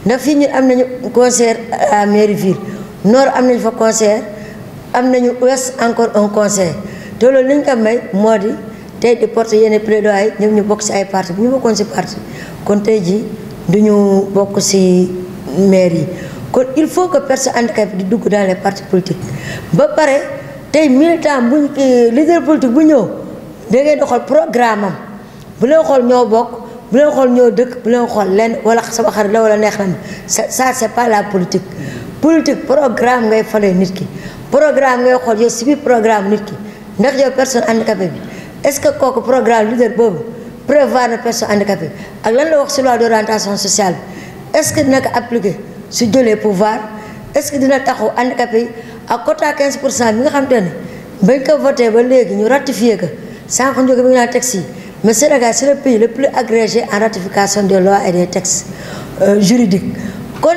ndax fii ñu am nañu conseil à Mairie-Ville nord am nañu fa conseil am nañu ouest encore un conseil te loolu li ñu ko may moo di tey di porter yenn plaidoyer ñoom ñu bokk si ay parti bu ñu bokkoon si parti kon tey jii du ñu bokk si maire yi kon il faut que personne handicapée di dugg dans les partis politiques ba pare tey militant bu euh, leader politique bu ñëw da ngay doxal programme am bu lay xool ñoo bokk. bu leen xool ñoo dëkk bu leen xool lenn wala sama xarit la wala neex na ma ça c'est pas la politique politique programme ngay falee nit ki programme ngay xool yow si biir programme nit ki ndax yow personne handicapée bi est-ce que kooku programme leader boobu prévoir na personne handicapée ak lan la wax si loi d'orientation sociale bi est-ce que dina ko appliquer su jëlee pouvoir est-ce que dina taxaw handicapé yi ak quota 15 pour cent bi nga xam te ne bañ ko voté ba léegi ñu ratifié ko sànq njóge bi ngi naan taxi Mais Sénégal, c'est le pays le plus agrégé en ratification des lois et des textes euh, juridiques. Quand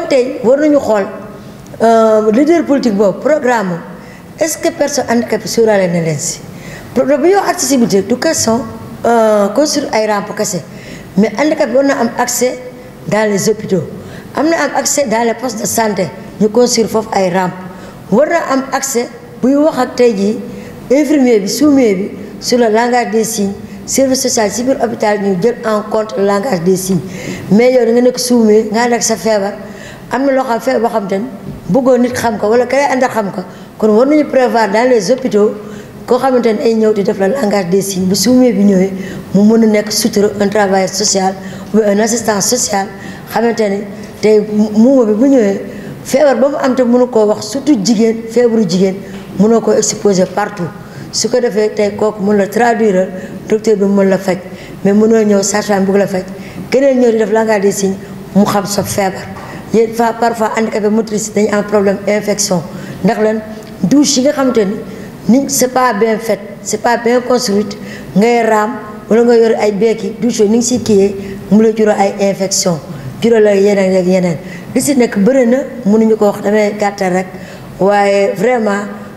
nous euh, leader politique, le programme, est-ce que personne sera Le de l'accessibilité, Mais accès dans les hôpitaux, accès dans les postes de santé, nous un rampe. Nous a accès, pour y les sur le langage des signes. service social si biir hôpital ñu jël en compte le langage des signes mais yow da nga nekk suumee nga ànd sa feebar am na loo xam feebar boo xam te ne bëggoo nit xam ko wala keneen àndal xam ko kon war nañu prévoir dans les hôpitaux koo xamante ne ay ñëw di def la langage des signes bu suumee bi ñëwee mu mën a nekk sutura un travail social ou un assistant social xamante ne tey muuma bi bu ñëwee feebar ba mu am te mënu koo wax surtout jigéen feebaru jigéen mënoo koo exposer partout. su ko defee tey kooku mun la traduire docteur bi mun la fajj mais mënoo ñëw sage-femme bugg la fajj keneen ñëw di def langage des signes mu xam sa fièvre yéen fa parfois handicapé motrice dañ am problème infection ndax lan douche yi nga xamante ni ni c'est pas bien fait c'est pas bien construite ngay raam wala nga yor ay beek douche ni ngi ci kiyee mu la juro ay infection jural la yeneen ak yeneen li si nekk bëri na mënuñu ko wax damay gàttal rek waaye vraiment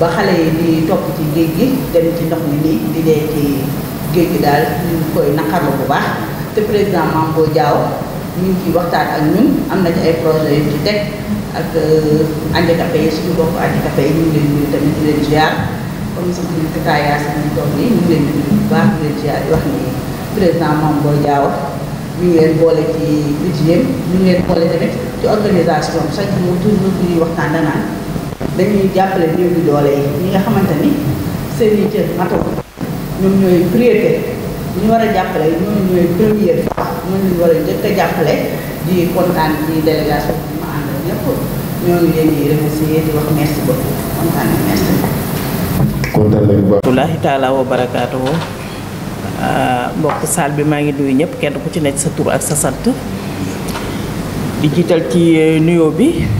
ba xale yi di topp ci géej gi dem ci ndox mi nii di dee ci géej gi daal ñu koy naqarlu bu baax te président Mambo Diaw ñu waxtaan ak ñun am na ay yu ci teg ak euh, handicapé yi suñu bokk handicapé yi ñu ngi leen nuyu tamit di leen ziar comme bu baax di leen ziar boole ci budget ñu ngi leen boole tamit ci organisation chaque jour toujours bu ñuy waxtaan danaan dañuy jàppale néew di doole yi ñi nga xamante ni seen i cër matoo war a jàppale ñoom ñooy première war a jàppale di kontaan ci délégation bi ma àndal ñëpp ñoo ngi leen di remercier di wax merci beaucoup kontaan nañu merci. kontaan nañu bu barakaatu ah, mbokk saal bi maa ngi nuyu ñëpp kenn ku ci nekk sa tur ak sa sant di jiital ci eh, nuyoo bi.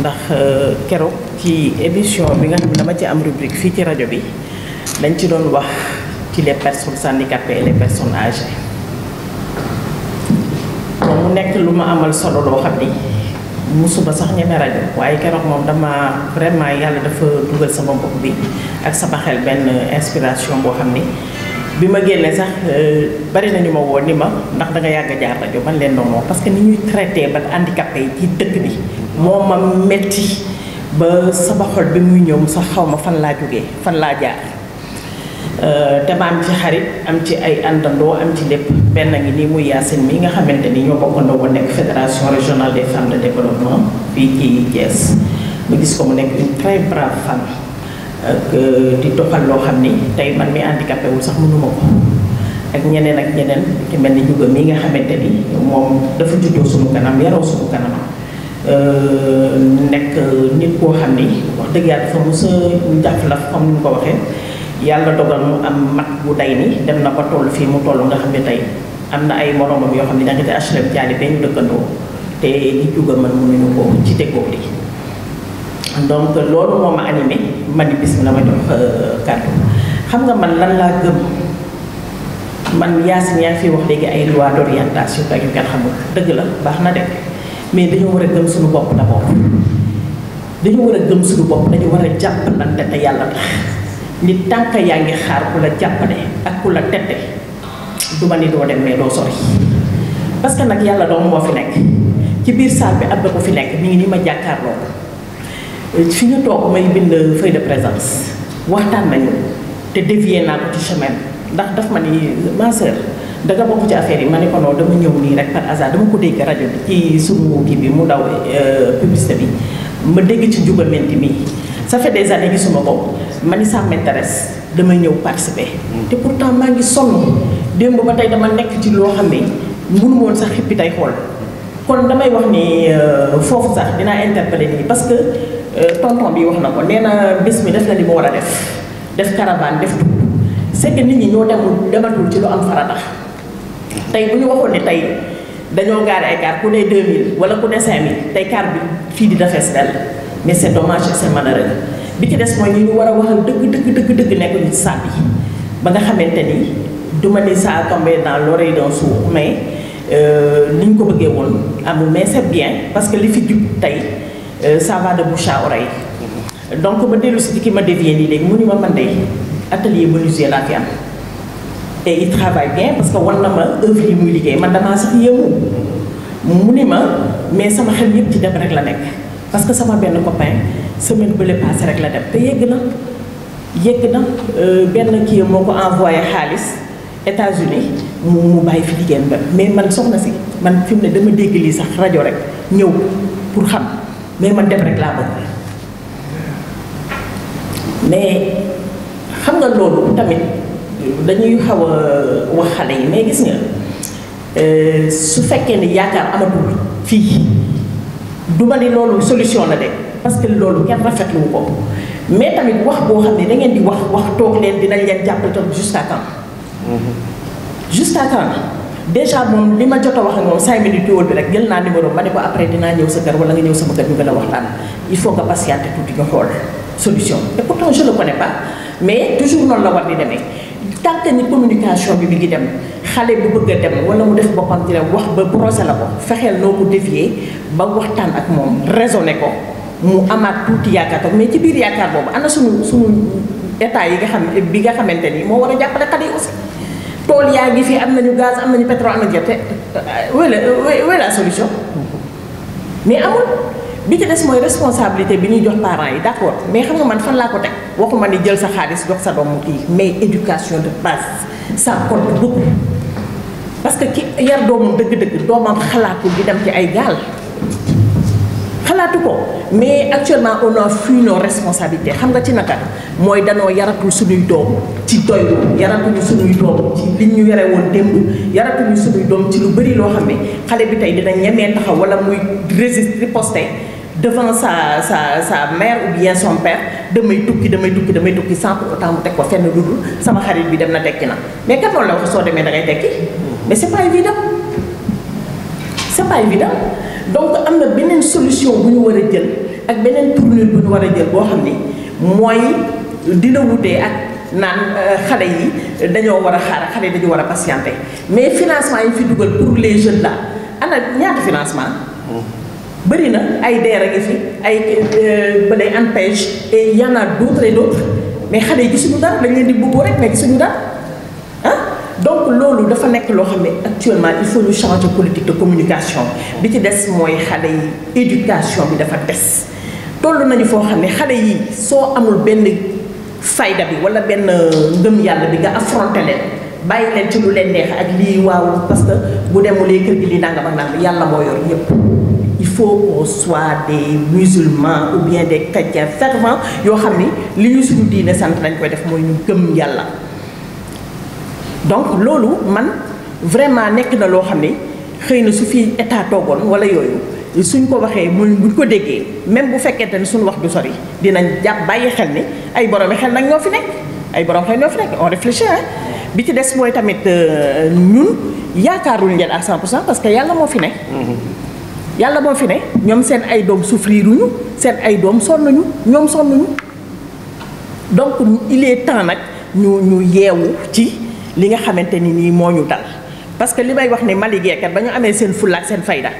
ndax eh, keroog ci émission bi nga xam dama ci am rubrique fii ci rajo bi dañ ci doon wax ci les personnes handicapées et les personnes âgées bon mu nekk lu ma amal solo loo xam ni musuma sax ñeme rajo waaye keroog moom dama vraiment yàlla dafa dugal sama bopp bi ak sama xel benn inspiration boo xam ni bi ma génne sax eh, bari nañu ma woo ni ma ndax da nga yàgg jaar rajo man leen non non parce que ni ñuy traité ba handicapé yi ci dëkk bi moo ma metti ba sama xol bi muy ñëw sax xaw ma fan laa jógee fan laa jaar dama euh, am ci xarit am ci ay àndandoo am ci lépp benn ngi nii muy Yacine mi nga xamante ni ñoo bokkandoo woon fédération régionale des femmes de développement fii ci yes mu gis ko mu nekk une très brave femme ak euh, di doxal loo xam ni tey man mi handicapé wul sax mënuma ko ak ñeneen ak ñeneen ci mel ni juga mi nga xamante ni moom dafa juddoo suñu kanam yaroo suñu kanam Euh, nekk nit koo xam ni wax dëgg yàlla dafa mos a jàpp la comme ni mu ko waxee yàlla dogal mu am mag bu day ni dem na ba toll fii mu toll nga xam ne tey am na ay moromam yoo xam ne da nga te HLM Diané benn dëkkandoo te li juga ko ci déggoo li donc loolu moo ma animé ma ni bis na ma jox euh, kàddu xam nga man lan laa gëm man si ñaa fi wax léegi ay loi d'orientation ak yu xamul dëgg la baax na de. mais dañoo war a gëm suñu bopp d'abord dañoo war a gëm suñu bopp dañu war a jàppalante te yàlla tax ni tànk yaa ngi xaar ku la jàppale ak ku la tette du ma ni doo dem mais doo sori parce que nag yàlla doom moo fi nekk ci biir salle bi am na ko fi nekk mi ngi ni ma jàkkaarloo fi ñu toog may bind feuille de présence waxtaan nañu te dévié naa ko ci chemin ndax daf ma ni ma da nga bokk ci affaire yi ma ne ko noonu dama ñëw nii rek par hasard dama ko dégg rajo bi ci suñu kii bi mu daw euh, publicité bi ma dégg ci Ndiouga Menti mi ça fait des années gisuma ko ma ni sa m'intéresse damay ñëw participer. Mm. te pourtant maa ngi sonn démb ba tey dama nekk ci loo xam ne mënu woon sax xippi tey xool kon damay wax ni euh, foofu sax dinaa interpeller nii parce que euh, tonton bi wax na ko nee na bés mi def na di mu war a def def caravane def tout c'est nit ñi ñoo demul dematul ci lu am farata. tey bu ñu waxoon ne tey dañoo gaare ay car ku ne 2000 wala ku ne 5000 tey car bi fii di dafees dell mais c'est dommage et c'est malheureux bi ci des mooy ñu ñu war a waxal dëgg dëgg dëgg dëgg nekkuñu ci ba nga xamante ni du ma ne ça tombé dans l'oreille d'un sourd mais euh, ni ñu ko bëggee woon amul mais c'est bien parce que li fi jub tey euh, ça bu de bouche donc ba dellu si ki ma dévié nii léegi mu ni ma man de atelier menuisier laa fi am et il travaille bien parce que war na ma œuvre yi muy liggéey man damaa sax yëngu mu ni ma mais sama xel yëpp ci dem rek la nekk parce que sama benn copain semaine bële passé rek la dem te yegg na yegg na euh, benn kii moo ko envoyé xaalis États-Unis mu bàyyi fi liggéeyam ba mais man soxna si man fi mu ne dama dégg lii sax rajo rek ñëw pour xam mais man dem rek laa bëgg mais xam nga loolu tamit. dañuy xaw a wax xale yi mais gis nga euh, su fekkee ne yaakaar amatul fii du ma ni loolu solution la de parce que loolu kenn rafetlu wu ko mais tamit wax boo xam ne da ngeen di wax wax toog leen dinañ leen jàppale tam jusqu'à quand. Mm-hmm. à temps déjà moom li ma jot a wax ak moom cinq minutes yoo bi rek jël naa numéro ma ne ko après dinaa ñëw sa kër wala nga ñëw sama kër ñu gën a waxtaan il faut que patienter tuuti nga xool solution. et pourtant je le connais pas mais toujours noonu la war di demee. tant que ni communication bi bi ngi dem xale bu bëgg a dem wala mu def boppam di dem wax ba brosé la ko fexeel noo ko dévier ba waxtaan ak moom raisonné ko mu amaat tuuti yaakaar tam mais ci biir yaakaar boobu ana suñu suñu état yi nga xam bi nga xamante ni moo war a jàppale xale yi aussi tool bi fi am na ñu gaz am nañu pétrole am nañu gerte wala euh, euh, wala solution mais amul. bi ci des mooy responsabilité bi ñuy jox parents yi d'accord mais xam nga man fan laa ko teg waxuma ni jël sa xaalis jox sa doom kii mais éducation de base sa compte beaucoup parce que ki yar doomam dëgg-dëgg doomam xalaatul di dem ci ay gaal xalaatu ko mais actuellement on a fui nos xam nga ci naka mooy danoo yaratul suñuy doom ci doylu yaratuñu suñuy doom ci li ñu yore woon démb yaratuñu suñuy doom ci lu bëri loo xam ne xale bi tey dina ñemee taxaw wala muy résister devant sa sa sa mère ou bien son père de damay tukki damay tukki damay tukki sans pour autant mu teg ko fenn ludul sama xarit bi dem na tekki na mais kat loolu la wax soo demee da tekki mais c'est pas évident c'est pas évident donc amna benen solution bu ñu a jël ak benen tournure bu ñu war jël bo xam moy dina wutee ak. nan euh, xalé yi dañoo wara xaar xalé dañu wara patienter mais financement yi fi dugal pour les jeunes là ana ñaat financement bëri na ay DER a ngi fi ay euh, bële ANPEJ et y en a d'autres mais xale yi gisuñu dara dañ leen di bëgg rek mais gisuñu dara ah? donc loolu dafa nekk loo xam ne actuellement il faut ñu changer politique de communication bi ci des mooy xale yi éducation bi dafa des toll nañu foo xam ne xale yi soo amul benn fayda bi wala benn euh, ngëm yàlla bi nga affronté leen bàyyi leen ci lu leen neex ak lii waaw parce que bu demulee kër gi lii nangam ak nangam yàlla moo yor ñëpp. il faut qu'on soit des musulmans ou bien des chrétiens fervents Yo suñu faire sant nañ koy def donc nous man vraiment nek na lo xam xeyna état wala suñ ko ko même bu féké tane suñ wax du sori dinañ xel ni ay xel ay borom xel on réfléchit hein des nous tamit euh, ñun à 100 parce que fi yàlla moo fi ne ñoom seen ay doom souffriruñu seen ay dom sonnuñu ñoom sonnuñu donc il est temps nag ñu ñu yeewu ci li nga xamante ni nii moo ñu dal parce que li may wax ne mali geekat ba ñu amee seen fulla ak seen fayda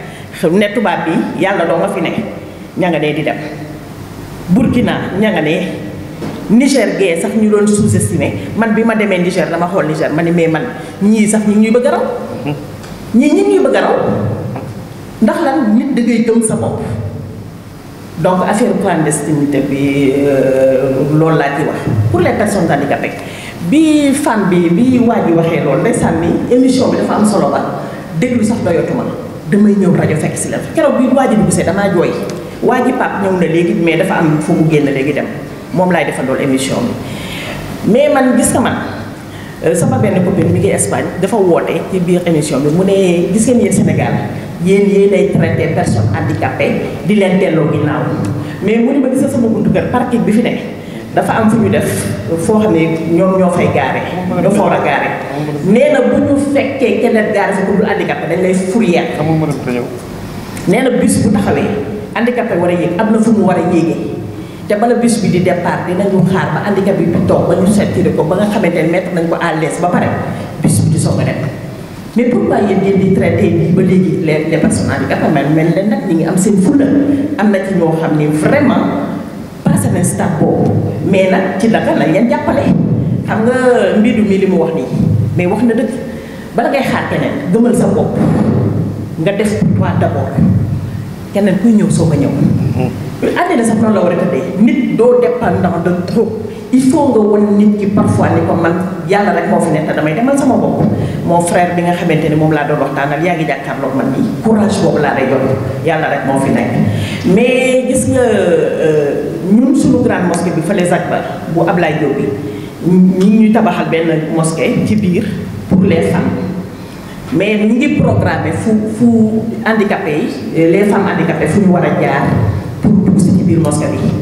ne tubaab bi yàlla doo ma fi ne ña dé dee di dem burkina ña nga dee Niger gee sax ñu doon sous-estimé man bi ma Niger dama xool Niger ma ne man ñii sax ñi ñuy bëgg a raw <laughs> ñii ñi ñuy bëgg raw ndax lan nit da ngay gëm sa bopp donc affaire clandestinité bi euh, loolu laa ci wax pour les personnes handicapées bi fan bi bi waa ji waxee loolu ndeysaan ni émission bi dafa am solo ba déglu sax doyotuma damay ñëw rajo fekk si la keroog bi waa ji bu gisee damaa jooy waa ji pap ñëw na léegi mais dafa am fu mu génn léegi dem moom laay defal loolu émission bi mais man gis nga man euh, sama benn copine mi ngi Espagne dafa woote ci biir émission bi mu ne gis ngeen Sénégal yéen yéenay traité personne handicapée di leen delloo ginnaaw mais mu ne ma gis sama buntu kër parking bi fi nekk dafa am fu ñu def foo xam ne ñoom ñoo fay gaare ñoo fa war a gaare nee na bu ñu fekkee keneen gaare sa ku dul handicapé dañ lay fourrière nee na bis bu taxawee handicapé war a yéeg am na fu mu war a yéegee te bala bis bi di départ dinañu xaar ba handicapé bi toog ba ñu seetlu ko ba nga xamante ne mettre nañ ko à lees ba pare bis bi di mais pourquoi yéen ngeen di traité ba léegi les les personnes handicapées man mel leen nag ñi ngi am seen fulla am na ci ñoo xam ne vraiment passé na stade boobu mais nag ci naka la ngeen jàppale xam nga mbiru mi li mu wax nii mais wax na dëgg bala ngay xaar keneen gëmal sa bopp nga def toi d'abord keneen kuy ñëw soo ko ñëw. Mm-hmm. àddina sax noonu la war a tëddee nit doo dépendant de trop. il faut nga wan nit ki parfois ni ko man yàlla rek moo fi nekk damay demal sama bopp moo frère bi nga xamante ni moom laa doon tàngal yaa ngi jàkkaarloo man nii courage boobu laa lay jox yàlla rek moo mais gis nga euh, ñun suñu grande mosquée bi fële Zakbar bu Ablaye Diop bi ñi ñuy tabaxal benn mosquée ci biir pour les femmes mais ñu ngi programmé fu fu handicapé yi les femmes handicapées fu ñu war a jaar pour dugg ci biir mosquée bi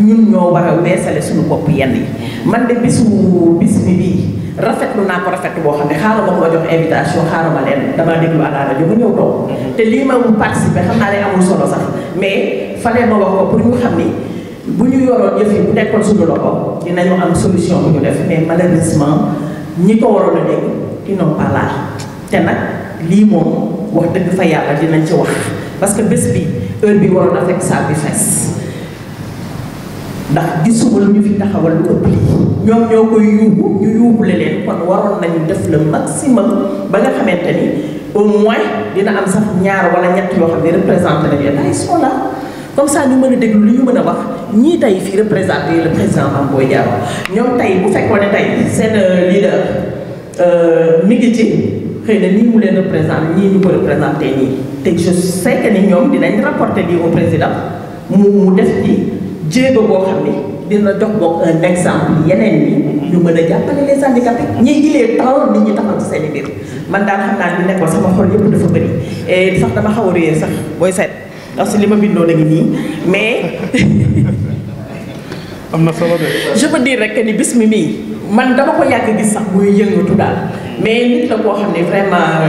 ñun ñoo war a weesale suñu bopp yenn yi man de bisu bis bi bii rafetlu naa ko rafetlu boo xam ne xaaral ma ma jox invitation xaaral ma leen damaa déglu à la rajo bu ñëw toog te lii ma mu participé xam naa lay amul solo sax mais falee ma wax ko pour ñu xam ni bu ñu yoroon yëf yi bu nekkoon suñu loxo dinañu am solution bu ñu def mais malheureusement ñi ko waroon a dégg ils n'ont pas là te nag lii moom wax dëgg fa yàlla dinañ ci wax parce que bés bi heure bi waroon a fekk salle bi fees ndax gisuma lu ñu fi taxawal lu ëpp lii ñoom ñoo koy yuubu ñu yuubule leen kon waroon nañu def le maximum ba nga xamante ni au moins dina am sax ñaar wala ñett yoo xam ne représenté nañu état ils sont là ñu mën a déglu lu ñu mën a wax ñii tey fii représenté le président Mame Boye Diao ñoom tey bu fekkoon ne tey seen lii euh, leader euh, mi ngi ci xëy na nii mu leen représenté ñii ñu ko représenté nii te je sais que ni ñoom dinañ rapporter lii au président mu mu def ci jéego boo xam ne dina jox boog exemple yeneen ñi ñu mën a jàppale les handicapés ñi gilee taw nit ñi taxaw ci seen i man daal xam naa li nekkoon sama xol yëpp dafa bëri sax dama xaw a réer sax booy set ndax si li ma bindoo ngi nii mais. <laughs> am na solo de. je ni bis mi mii. man dama ko yàgg gis sax muy yëngatu daal mais nit la koo xam ne vraiment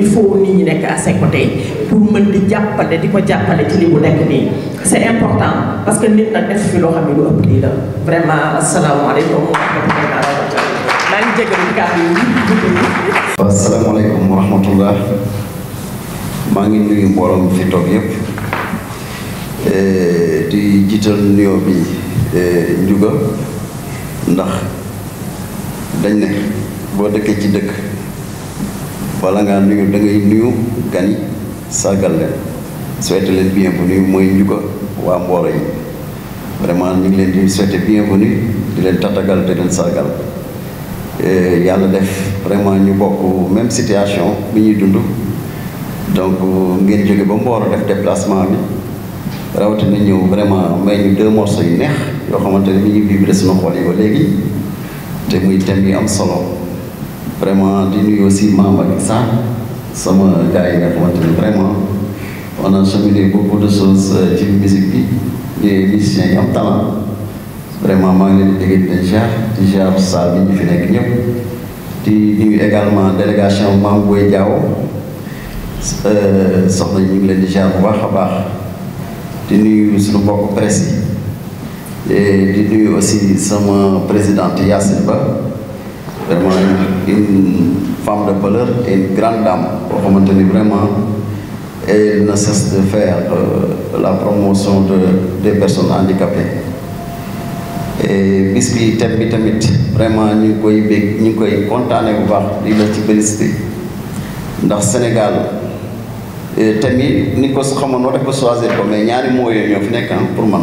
il faut nit ñi nekk à ses côtés pour mën di jàppale di ko jàppale ci li mu nekk nii c' est important parce que nit def fi lu ëpp la vraiment wa ngi nuyu fi di jiital bi ndax. dañ ne boo dëkkee ci dëkk wala ngaa nuyu dangay ngay nuyu gan yi sargal leen souhaiter leen bienvenue mooy njuga waa Mboro yi vraiment ñu ngi leen di souhaiter bienvenue di leen tatagal de leen sargal eh, yàlla def vraiment ñu bokk même situation bi ñuy dund donc ngeen jóge ba Mboro def déplacement bi rawatina ñëw vraiment may ñu de morceaux yu neex yoo xamante ne bi ñu vibré sunu xol yi ko léegi temui temui thème yi am solo vraiment di nuyu aussi membre yi sax sama gars yi nga xamante ni vraiment on a cheminé beaucoup de choses ci musique bi les musiciens am talent vraiment maa ngi di dégg di jaar di bi ñu fi nekk ñëpp di nuyu également délégation Mame Boye Diao soxna ñu ngi leen di jaar bu baax a baax di nuyu suñu mbokk presse et di aussi sama présidente Yassine vraiment une femme de valeur et une grande dame pour maintenir vraiment elle ne cesse de faire euh, la promotion de des personnes handicapées. et bis bi vraiment nous ngi koy bég ñu ngi koy kontaane Sénégal euh, thème yi ni ko xamoon war ko choisir ko mais ñaari hein, pour man.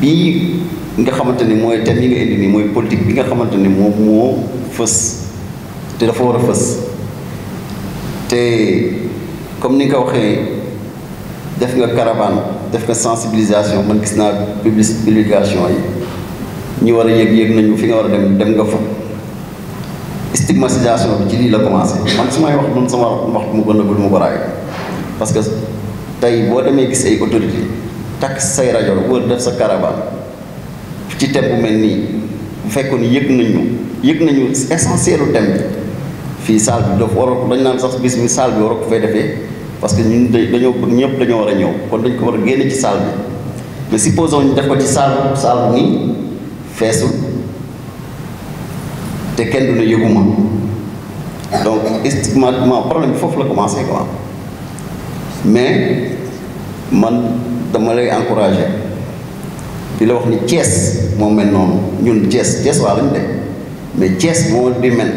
bii nga xamante ni mooy thème yi nga indi mooy politique bi nga xamante ni moom moo fës te dafa war a fës te comme ni nga ko waxee def nga caravane def nga sensibilisation man gis naa publication yi ñu war a yëg yëg nañu fi nga war a dem dem nga fa stigmatisation bi ci lii la commencé man su may wax man sama wax mu gën a mu ko raay parce que tey boo demee gis ay autorités. takk say rajo wër def sa karaba ci thème bu mel nii bu fekkoon yëg nañu yëg nañu essentielu thème bi fii salle bi dafa waroon dañ naan sax bis bi salle bi waroon ko fay defee parce que ñun dañoo ñëpp dañoo war a ñëw kon dañ ko war a génne ci salle bi mais supposons ñu def ko ci salle salle bu nii feesul te kenn du ne yëguma donc stigmatiquement problème bi foofu la commencé quoi mais man. dama lay encouragé di la wax ni Thiès moo mel noonu ñun Thiès Thiès waa lañ de mais Thiès moo di mel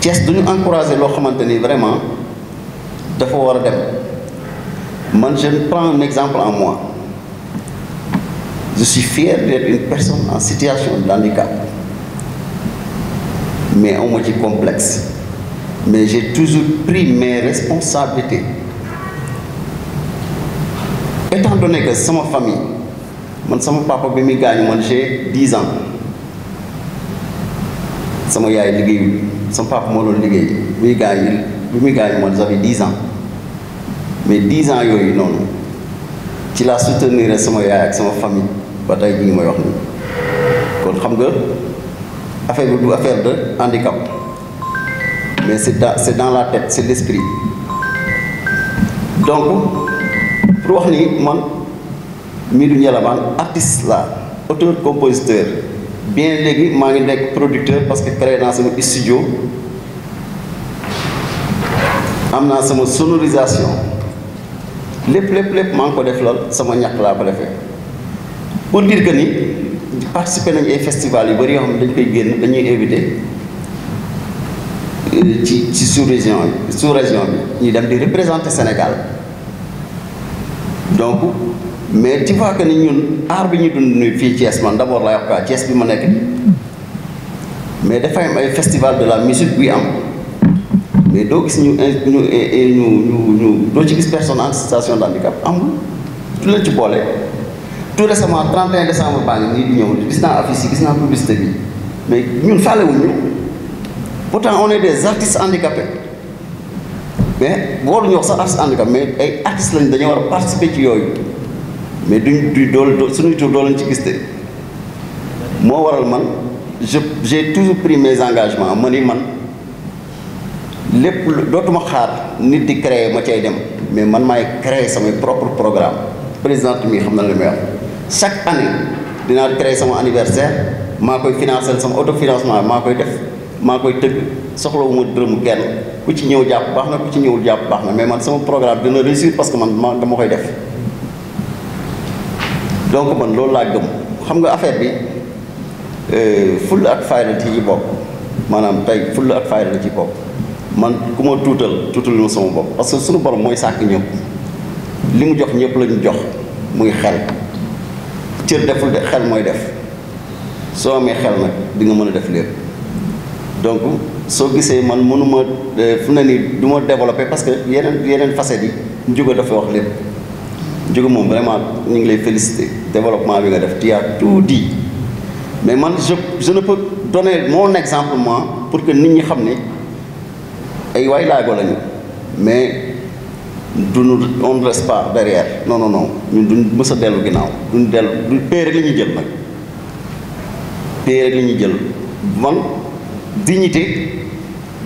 Thiès du ñu encouragé loo vraiment dafa war a dem man je prends un exemple en moi je suis fier d'être une personne en situation de handicap mais on ma ci complexe mais j'ai toujours pris mes responsabilités étant donné que ma famille mon papa j'ai 10 ans yaay son papa m'a bi bi 10 ans mais 10 ans il soutenir famille ba famille, may wax kon affaire affaire de handicap mais c'est dans la tête c'est l'esprit donc pour wax ni man Mbirou Ndiélamane artiste la auteur compositeur bien léegi maa ngi nekk producteur parce que créé naa sama studio am naa sama sonorisation lépp lépp lépp maa ngi ko def lal sama ñàkk laa ko defee pour dire que ni participer nañu ay festival yu bari yoo xam dañ koy génn dañuy invité euh, ci ci sous région sous région bi ñuy dem di représenter Sénégal donc mais tu vois que ni ñun aar bi ñu dund nii fii Thiès man d' abord lay wax quoi bi ma nekk mais dafay am ay festival de la musique buy am mais doo gis ñu eh, eh, ñu ñu ñu doo ci gis personne en situation de handicap amul tu la ci boole. tout récemment 31 décembre baa ngi nii di ñëw gis naa affiche yi gis naa publicité bi mais ñun fàllewuñu pourtant on est des artistes handicapés. mais waruñu wax sax artiste handicap mais ay artistes lañ dañoo war a participer ci yooyu mais duñ du dool suñuy tur doo leen ci gis de moo waral man je j'ai toujours pris mes engagements ma ni man lépp dootuma xaar nit di créer ma cay dem mais man maay créer samay propre programme président mi xam na la may wax chaque année dinaa créer sama anniversaire maa koy financer sama autofinancement maa koy def maa koy tëgg soxlawu ma dërëmu kenn ku ci ñëw jàpp baax na ku ci ñëwul jàpp baax na mais man sama programme dina réussir parce que man ma dama koy def donc man loolu laa gëm xam nga affaire bi euh, full ak fayda ci ci bopp maanaam full ak fayda ci bopp man ku ma tutul tuutal ma sama bopp parce que suñu borom mooy sàkk ñëpp li jox jox muy xel deful de xel mooy def so mi xel nag di nga def lépp donc soo gisee man mënuma euh, fu ne nii du ma développé parce que yeneen yeneen facettes yi Ndiouga dafa wax lépp Ndiouga moom vraiment ñu ngi lay félicité développement bi nga def tu as tout di mais man je je ne peux donner mon exemple pour que nit ñi xam ne ay waay laago lañu mais duñu on ne reste pas derrière non non non ñun duñ mës a dellu ginnaaw duñ dellu du pay rek la ñuy jël nag pay rek la jël man. dignité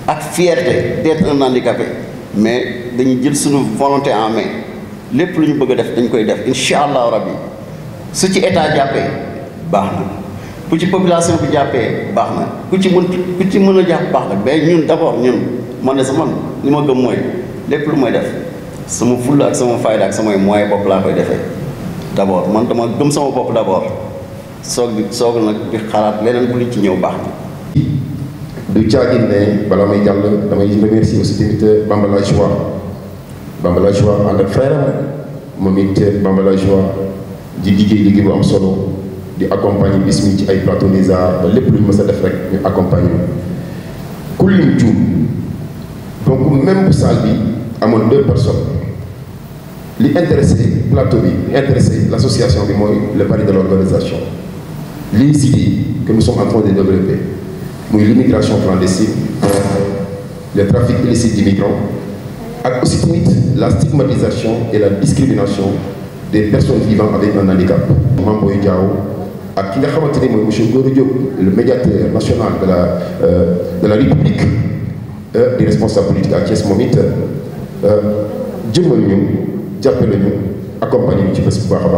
ak fierté d'être un handicapé mais dañu jël suñu volonté en main lépp lu ñu bëgg a def dañ koy def incha allahu rabbi su ci état jàppee baax na ku ci population bi jàppee baax na ku ci mën ku ci mën a jàpp baax na mais ñun d'abord ñun man ne sa man li ma gëm mooy lépp lu may def sama fulla ak sama fayda ak samay moyen bopp laa koy defee d'abord man dama gëm sama bopp d'abord soog bi soog nag di xalaat leneen bu li ci ñëw baax na du caagin ne balaa may jàll damay remercier aussi tamit Bambala Joie Bambala Joie frère moom it Bambala Joie di liggéey liggéey bu am solo di accompagner bis mi ci ay plateau des ba lépp lu ñu def rek ñu accompagner donc même salle bi amoon deux personnes li intéressé plateau bi li intéressé l'association bi mooy le pari de l'organisation, les idées que nous sommes en train de développer muy l'immigration clandestine euh, le trafic illicite d'immigrants ak aussi la stigmatisation et la discrimination des personnes vivant avec un handicap Mamboy Diaw, Diao qui ki nga le médiateur national de la euh, de la République euh, des responsable politique à Thiès moom it jëmmal ñu jàppale ñu accompagner nous ci bés bu baax a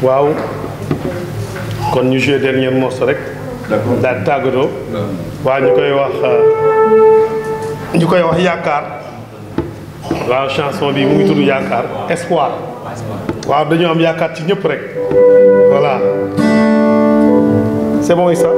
voir. a kon ñu joué dernier morceau rek. daal tàggatoo. waaw ñu koy wax euh, ñu koy wax yaakaar waaw chanson bi mu ngi tudd yaakaar espoir. waaw dañu am yaakaar ci ñëpp rek voilà c'est bon Issa.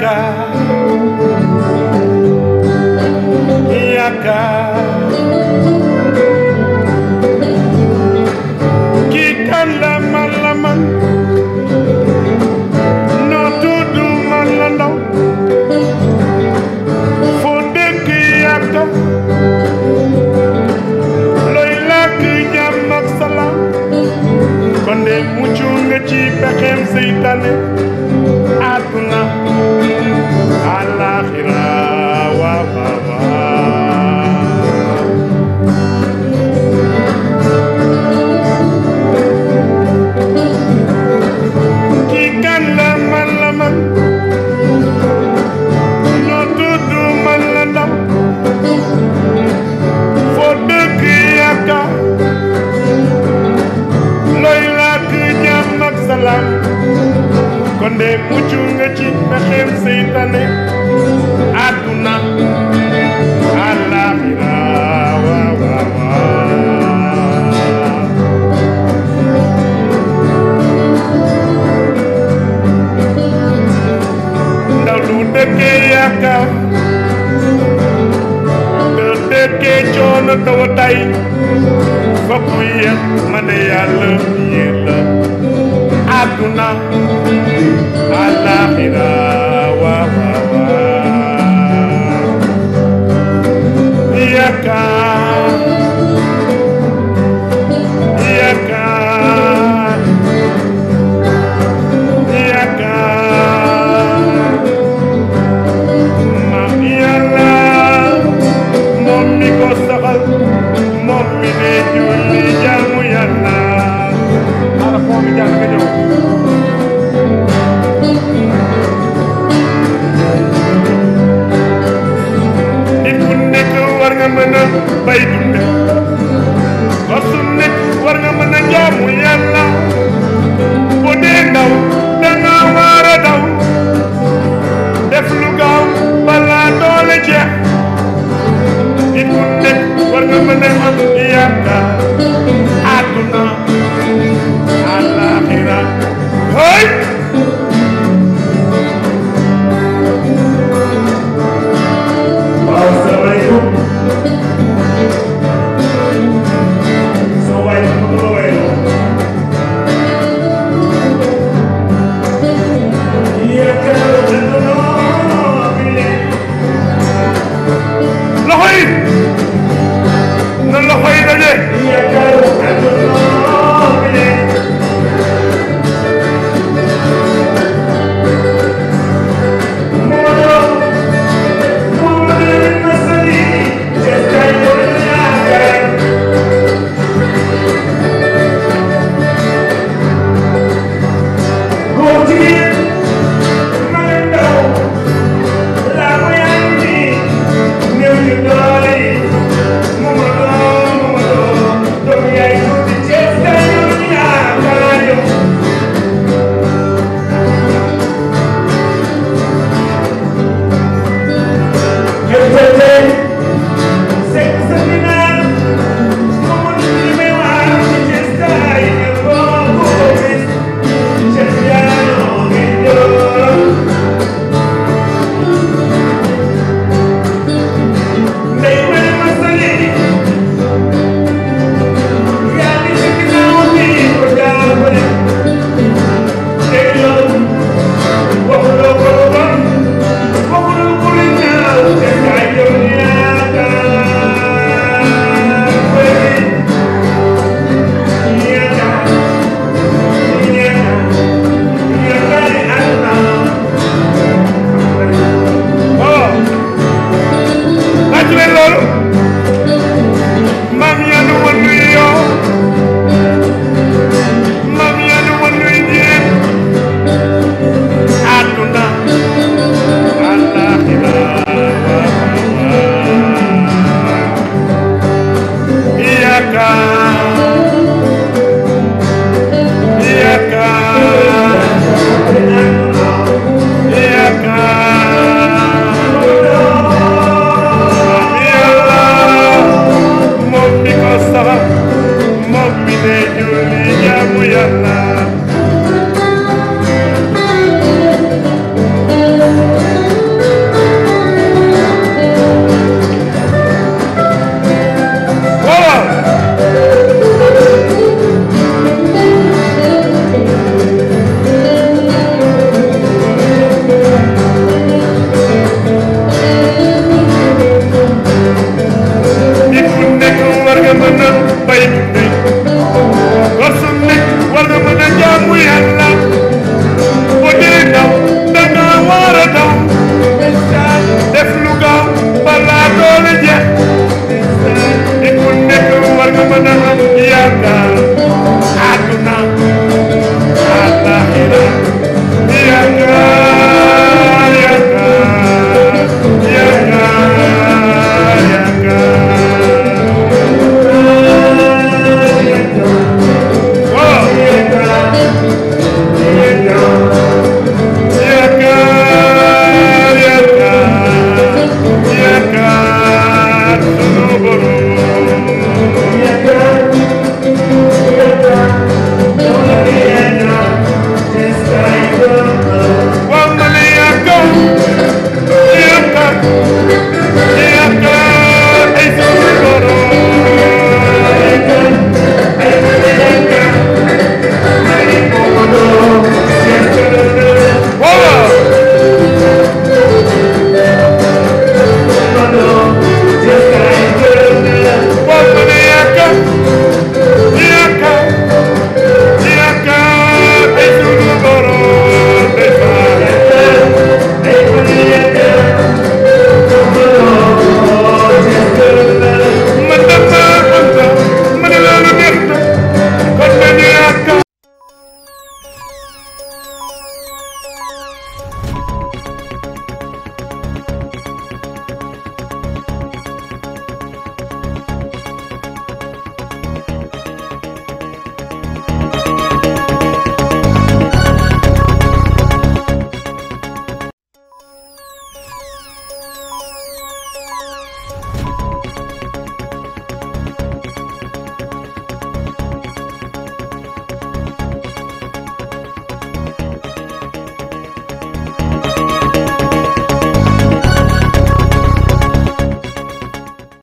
God.